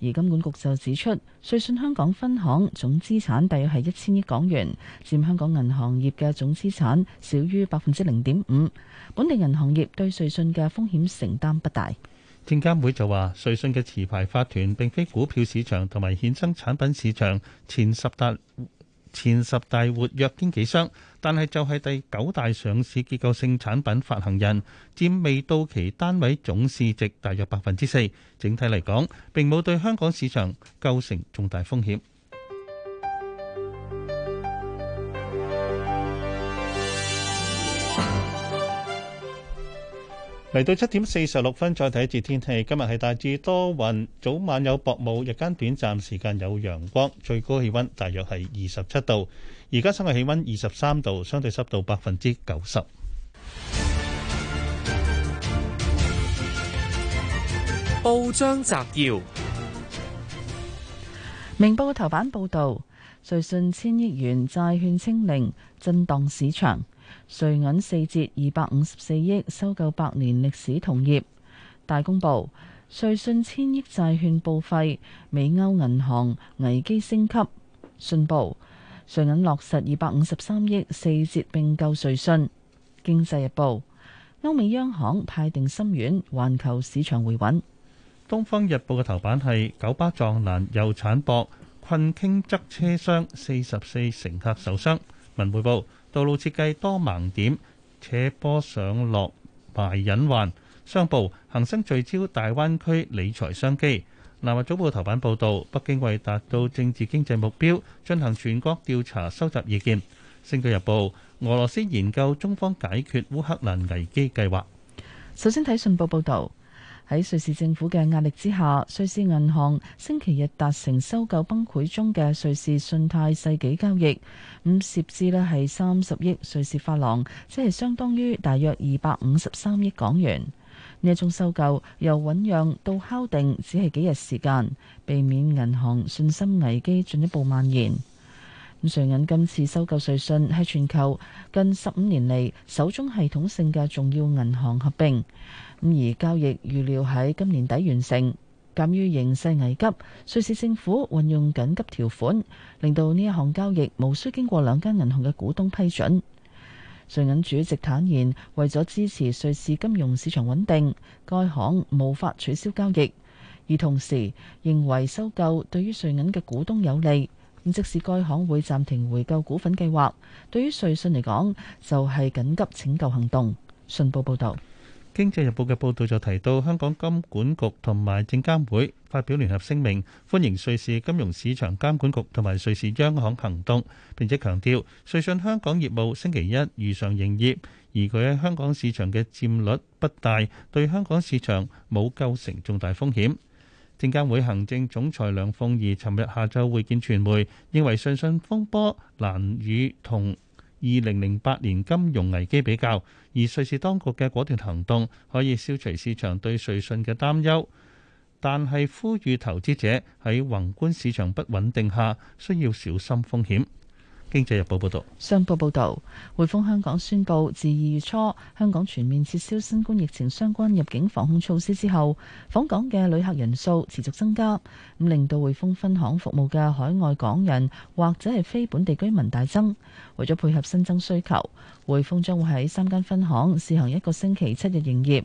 而金管局就指出，瑞信香港分行總資產大約係一千億港元，佔香港銀行業嘅總資產少於百分之零點五，本地銀行業對瑞信嘅風險承擔不大。
證監會就話，瑞信嘅持牌法團並非股票市場同埋衍生產品市場前十大、前十大活躍經紀商，但係就係第九大上市結構性產品發行人，佔未到期單位總市值大約百分之四。整體嚟講，並冇對香港市場構成重大風險。嚟到七點四十六分，再睇一節天氣。今日係大致多雲，早晚有薄霧，日間短暫時間有陽光。最高氣溫大約係二十七度，而家室外氣溫二十三度，相對濕度百分之九十。
報章摘要：
明報頭版報道，瑞信千億元債券清零，震盪市場。瑞銀四折二百五十四億收購百年歷史同業。大公報，瑞信千億債券報廢，美歐銀行危機升級。信報，瑞銀落實二百五十三億四折並購瑞信。經濟日報，歐美央行派定心丸，環球市場回
穩。東方日報嘅頭版係九巴撞欄右剷膊，困傾側車廂，四十四乘客受傷。文匯報。道路設計多盲點，斜坡上落埋隱患。商報：恒生聚焦大灣區理財商機。南華早報頭版報導，北京為達到政治經濟目標，進行全國調查收集意見。星島日報：俄羅斯研究中方解決烏克蘭危機計劃。
首先睇信報報導，喺瑞士政府嘅壓力之下，瑞士銀行星期日達成收購崩潰中嘅瑞士信貸世紀交易。咁涉資呢，係三十億瑞士法郎，即係相當於大約二百五十三億港元。呢一宗收購由醞釀到敲定只係幾日時間，避免銀行信心危機進一步蔓延。咁，瑞銀今次收購瑞信係全球近十五年嚟首宗系統性嘅重要銀行合併，咁而交易預料喺今年底完成。鑒於形勢危急，瑞士政府運用緊急條款，令到呢一項交易無需經過兩間銀行嘅股東批准。瑞銀主席坦言，為咗支持瑞士金融市場穩定，該行無法取消交易，而同時認為收購對於瑞銀嘅股東有利。咁即使該行會暫停回購股份計劃，對於瑞信嚟講就係緊急拯救行動，信報報道。
經濟日報嘅報道就提到，香港金管局同埋證監會發表聯合聲明，歡迎瑞士金融市場監管局同埋瑞士央行行動，並且強調瑞信香港業務星期一如常營業，而佢喺香港市場嘅佔率不大，對香港市場冇構成重大風險。證監會行政總裁梁鳳儀尋日下晝會見傳媒，認為瑞信風波難以同二零零八年金融危機比較，而瑞士當局嘅果斷行動可以消除市場對瑞信嘅擔憂，但係呼籲投資者喺宏觀市場不穩定下需要小心風險。經濟日報報道，
商報報道，匯豐香港宣布，自二月初香港全面撤銷新冠疫情相關入境防控措施之後，訪港嘅旅客人數持續增加，咁令到匯豐分行服務嘅海外港人或者係非本地居民大增。為咗配合新增需求，匯豐將會喺三間分行試行一個星期七日營業。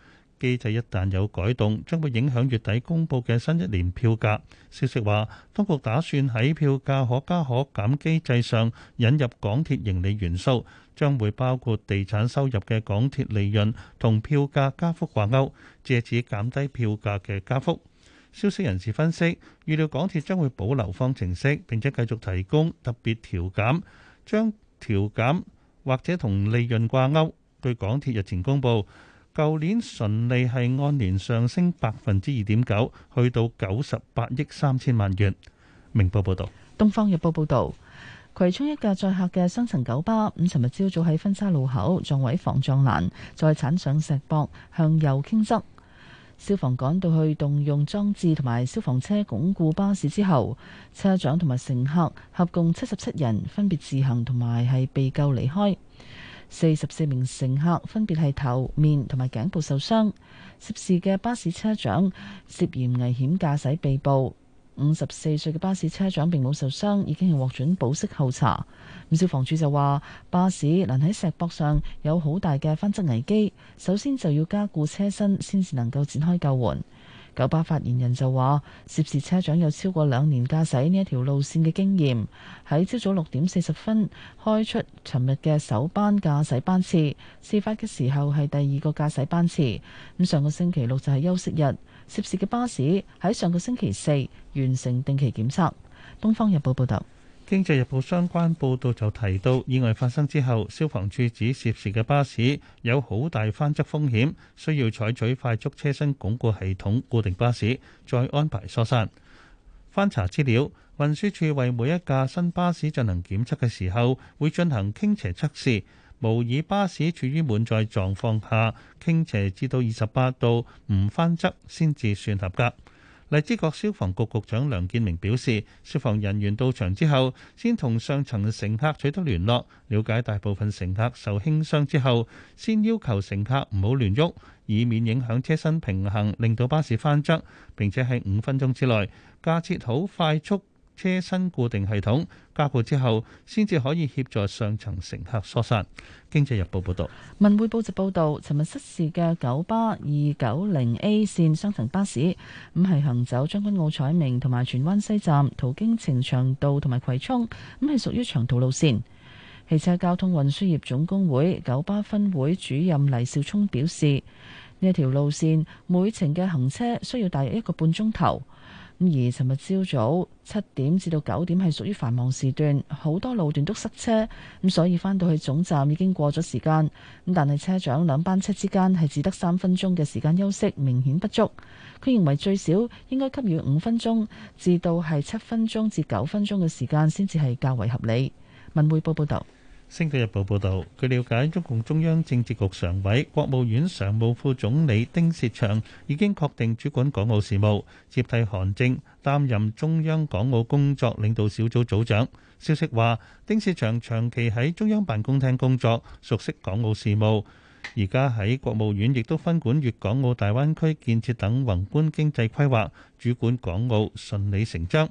機制一旦有改動，將會影響月底公佈嘅新一年票價。消息話，當局打算喺票價可加可減機制上引入港鐵盈利元素，將會包括地產收入嘅港鐵利潤同票價加幅掛鈎，藉此減低票價嘅加幅。消息人士分析，預料港鐵將會保留方程式，並且繼續提供特別調減，將調減或者同利潤掛鈎。據港鐵日前公佈，舊年純利係按年上升百分之二點九，去到九十八億三千萬元。明報報道，東方日
報報道，葵涌一架載客嘅雙層九巴，五尋日朝早喺分岔路口撞毀防撞欄，再鏟上石壆，向右傾側。消防趕到去動用裝置同埋消防車鞏固巴士之後，車長同埋乘客合共七十七人分別自行同埋係被救離開。四十四名乘客分別係頭面同埋頸部受傷，涉事嘅巴士車長涉嫌危險駕駛被捕。五十四歲嘅巴士車長並冇受傷，已經係獲准保釋候查。咁消防處就話，巴士能喺石壆上有好大嘅翻側危機，首先就要加固車身，先至能夠展開救援。九巴發言人就話，涉事車長有超過兩年駕駛呢一條路線嘅經驗，喺朝早六點四十分開出尋日嘅首班駕駛班次，事發嘅時候係第二個駕駛班次。咁上個星期六就係休息日，涉事嘅巴士喺上個星期四完成定期檢測。東方日報報道。
經濟日報相關報導就提到，意外發生之後，消防處指涉事嘅巴士有好大翻側風險，需要採取快速車身鞏固系統固定巴士，再安排疏散。翻查資料，運輸署為每一架新巴士進行檢測嘅時候，會進行傾斜測試，模擬巴士處於滿載狀況下傾斜至到二十八度，唔翻側先至算合格。荔枝角消防局局長梁建明表示，消防人員到場之後，先同上層乘客取得聯絡，了解大部分乘客受輕傷之後，先要求乘客唔好亂喐，以免影響車身平衡，令到巴士翻側。並且喺五分鐘之內架設好快速。車身固定系統加固之後，先至可以協助上層乘客疏散。經濟日報報道，
文匯報則報道，尋日失事嘅九巴二九零 A 線雙層巴士，咁係行走將軍澳彩明同埋荃灣西站，途經呈祥道同埋葵涌，咁係屬於長途路線。汽車交通運輸業總工會九巴分會主任黎少聰表示，呢一條路線每程嘅行車需要大約一個半鐘頭。咁而尋日朝早七點至到九點係屬於繁忙時段，好多路段都塞車，咁所以返到去總站已經過咗時間。咁但係車長兩班車之間係只得三分鐘嘅時間休息，明顯不足。佢認為最少應該給予五分鐘，至到係七分鐘至九分鐘嘅時間先至係較為合理。文匯報報道。
《星島日報》報導，據了解，中共中央政治局常委、國務院常務副總理丁薛祥已經確定主管港澳事務，接替韓正擔任中央港澳工作領導小組組長。消息話，丁薛祥長，長期喺中央辦公廳工作，熟悉港澳事務，而家喺國務院亦都分管粵港澳大灣區建設等宏觀經濟規劃，主管港澳順理成章。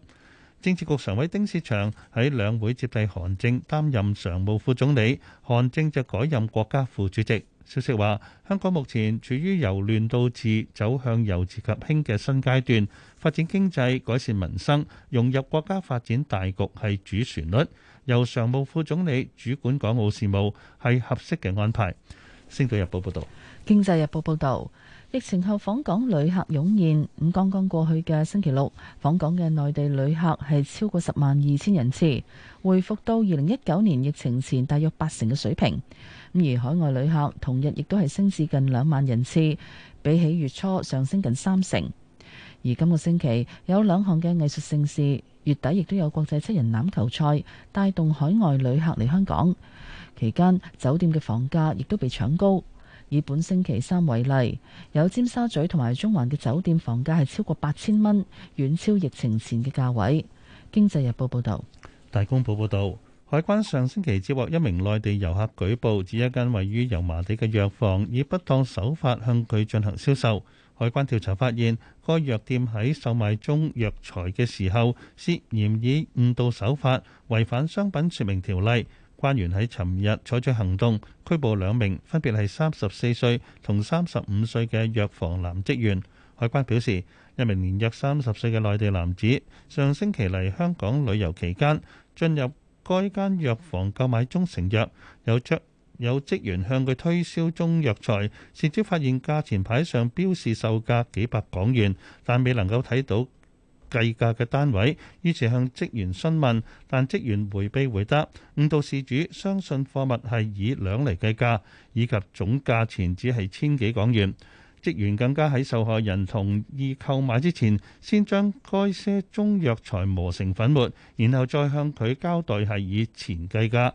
政治局常委丁薛祥喺兩會接替韓正擔任常務副總理，韓正就改任國家副主席。消息話，香港目前處於由亂到治走向由治及興嘅新階段，發展經濟、改善民生、融入國家發展大局係主旋律。由常務副總理主管港澳事務係合適嘅安排。星島日報報道，
經濟日報報道。疫情後訪港旅客湧現，咁剛剛過去嘅星期六，訪港嘅內地旅客係超過十萬二千人次，回復到二零一九年疫情前大約八成嘅水平。咁而海外旅客同日亦都係升至近兩萬人次，比起月初上升近三成。而今個星期有兩項嘅藝術盛事，月底亦都有國際七人欖球賽，帶動海外旅客嚟香港。期間酒店嘅房價亦都被搶高。以本星期三為例，有尖沙咀同埋中環嘅酒店房價係超過八千蚊，遠超疫情前嘅價位。經濟日報報導。
大公報報導，海關上星期接獲一名內地遊客舉報，指一間位於油麻地嘅藥房以不當手法向佢進行銷售。海關調查發現，該藥店喺售賣中藥材嘅時候，涉嫌以誤導手法違反商品說明條例。關員喺尋日採取行動，拘捕兩名分別係三十四歲同三十五歲嘅藥房男職員。海關表示，一名年約三十歲嘅內地男子上星期嚟香港旅遊期間，進入該間藥房購買中成藥，有將有職員向佢推銷中藥材，事主發現價錢牌上標示售價幾百港元，但未能夠睇到計價嘅單位，於是向職員詢問，但職員回避回答，誤導事主相信貨物係以兩嚟計價，以及總價錢只係千幾港元。職員更加喺受害人同意購買之前，先將該些中藥材磨成粉末，然後再向佢交代係以錢計價。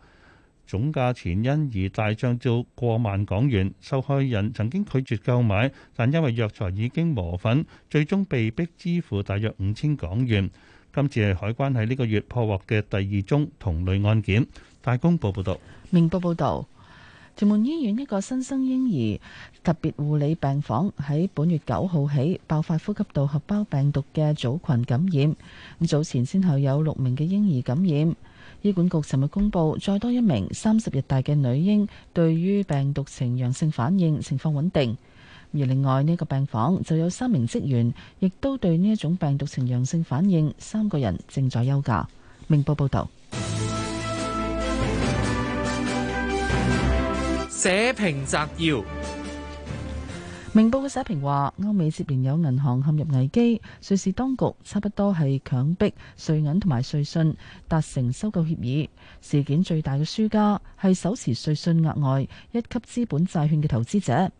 總價錢因而大漲到過萬港元，受害人曾經拒絕購買，但因為藥材已經磨粉，最終被迫支付大約五千港元。今次係海關喺呢個月破獲嘅第二宗同類案件。大公報報道，
明報報道，屯門醫院一個新生嬰兒特別護理病房喺本月九號起爆發呼吸道合胞病毒嘅組群感染，咁早前先後有六名嘅嬰兒感染。醫管局尋日公布，再多一名三十日大嘅女嬰對於病毒呈陽性反應，情況穩定。而另外呢、這個病房就有三名職員，亦都對呢一種病毒呈陽性反應，三個人正在休假。明報報道。社評
摘要。
明報嘅社評話：歐美接連有銀行陷入危機，瑞士當局差不多係強迫瑞銀同埋瑞信達成收購協議。事件最大嘅輸家係手持瑞信額外一級資本債券嘅投資者，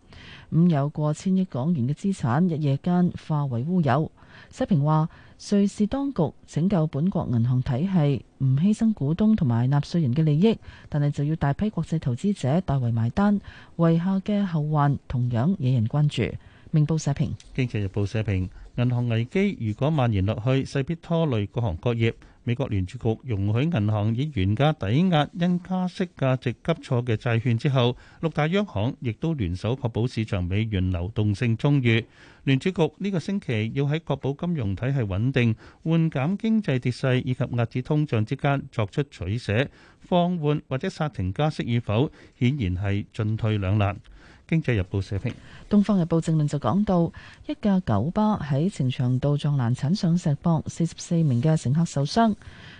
五有過千億港元嘅資產一夜間化為烏有。社評話。瑞士當局拯救本國銀行體系，唔犧牲股東同埋納稅人嘅利益，但係就要大批國際投資者代為埋單，遺下嘅後患同樣惹人關注。明報社評，
《經濟日報》社評：銀行危機如果蔓延落去，勢必拖累各行各業。美國聯儲局容許銀行以原價抵押因加息價值急挫嘅債券之後，六大央行亦都聯手確保市場美元流動性充裕。聯儲局呢個星期要喺確保金融體系穩定、緩減經濟跌勢以及壓制通脹之間作出取捨，放緩或者煞停加息與否，顯然係進退兩難。《經濟日報》社評，
《東方日報》正論就講到，一架九巴喺呈祥道撞欄，鏟上石壆，四十四名嘅乘客受傷。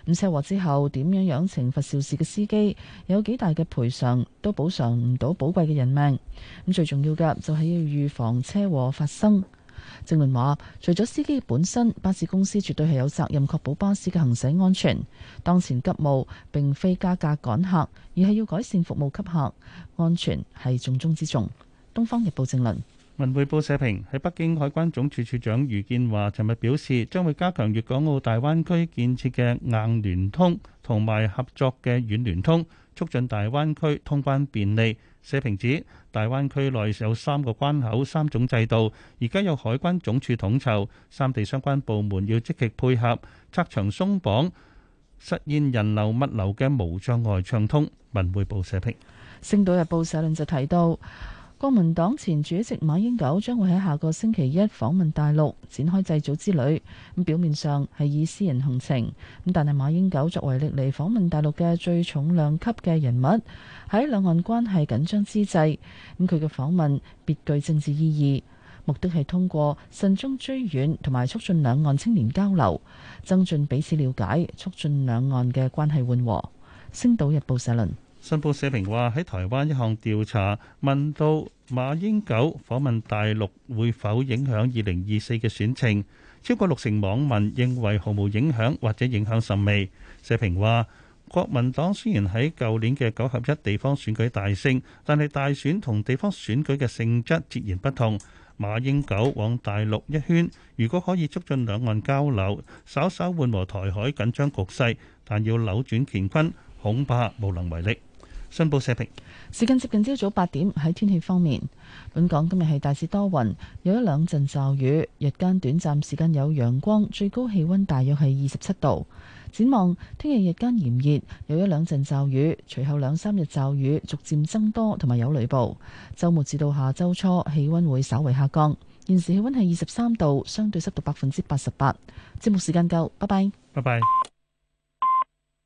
咁車禍之後點樣樣懲罰肇事嘅司機？有幾大嘅賠償都補償唔到寶貴嘅人命。咁最重要嘅就係要預防車禍發生。正論話，除咗司機本身，巴士公司絕對係有責任，確保巴士嘅行駛安全。當前急務並非加價趕客，而係要改善服務給客，安全係重中之重。東方日報正論。
文匯報社評喺北京海關總署署長余建華尋日表示，將會加強粵港澳大灣區建設嘅硬聯通同埋合作嘅軟聯通。促進大灣區通關便利，社評指大灣區內有三個關口、三種制度，而家有海關總署統籌，三地相關部門要積極配合拆牆鬆綁，實現人流物流嘅無障礙暢通。文匯報社評，
《星島日報》社論就提到。國民黨前主席馬英九將會喺下個星期一訪問大陸，展開祭祖之旅。咁表面上係以私人行程，咁但係馬英九作為歷嚟訪問大陸嘅最重量級嘅人物，喺兩岸關係緊張之際，咁佢嘅訪問別具政治意義，目的係通過慎終追遠同埋促進兩岸青年交流，增進彼此了解，促進兩岸嘅關係緩和。星島日報社論。
信報社評話喺台灣一項調查問到馬英九訪問大陸會否影響2024嘅選情，超過六成網民認為毫無影響或者影響甚微。社評話，國民黨雖然喺舊年嘅九合一地方選舉大勝，但係大選同地方選舉嘅性質截然不同。馬英九往大陸一圈，如果可以促進兩岸交流，稍稍緩和台海緊張局勢，但要扭轉乾坤，恐怕無能為力。新聞社評。
時間接近朝早八點。喺天氣方面，本港今日係大致多雲，有一兩陣驟雨。日間短暫時間有陽光，最高氣溫大約係二十七度。展望聽日日間炎熱，有一兩陣驟雨，隨後兩三日驟雨逐漸增多，同埋有雷暴。週末至到下周初，氣溫會稍為下降。現時氣溫係二十三度，相對濕度百分之八十八。節目時間夠，拜拜。
拜拜。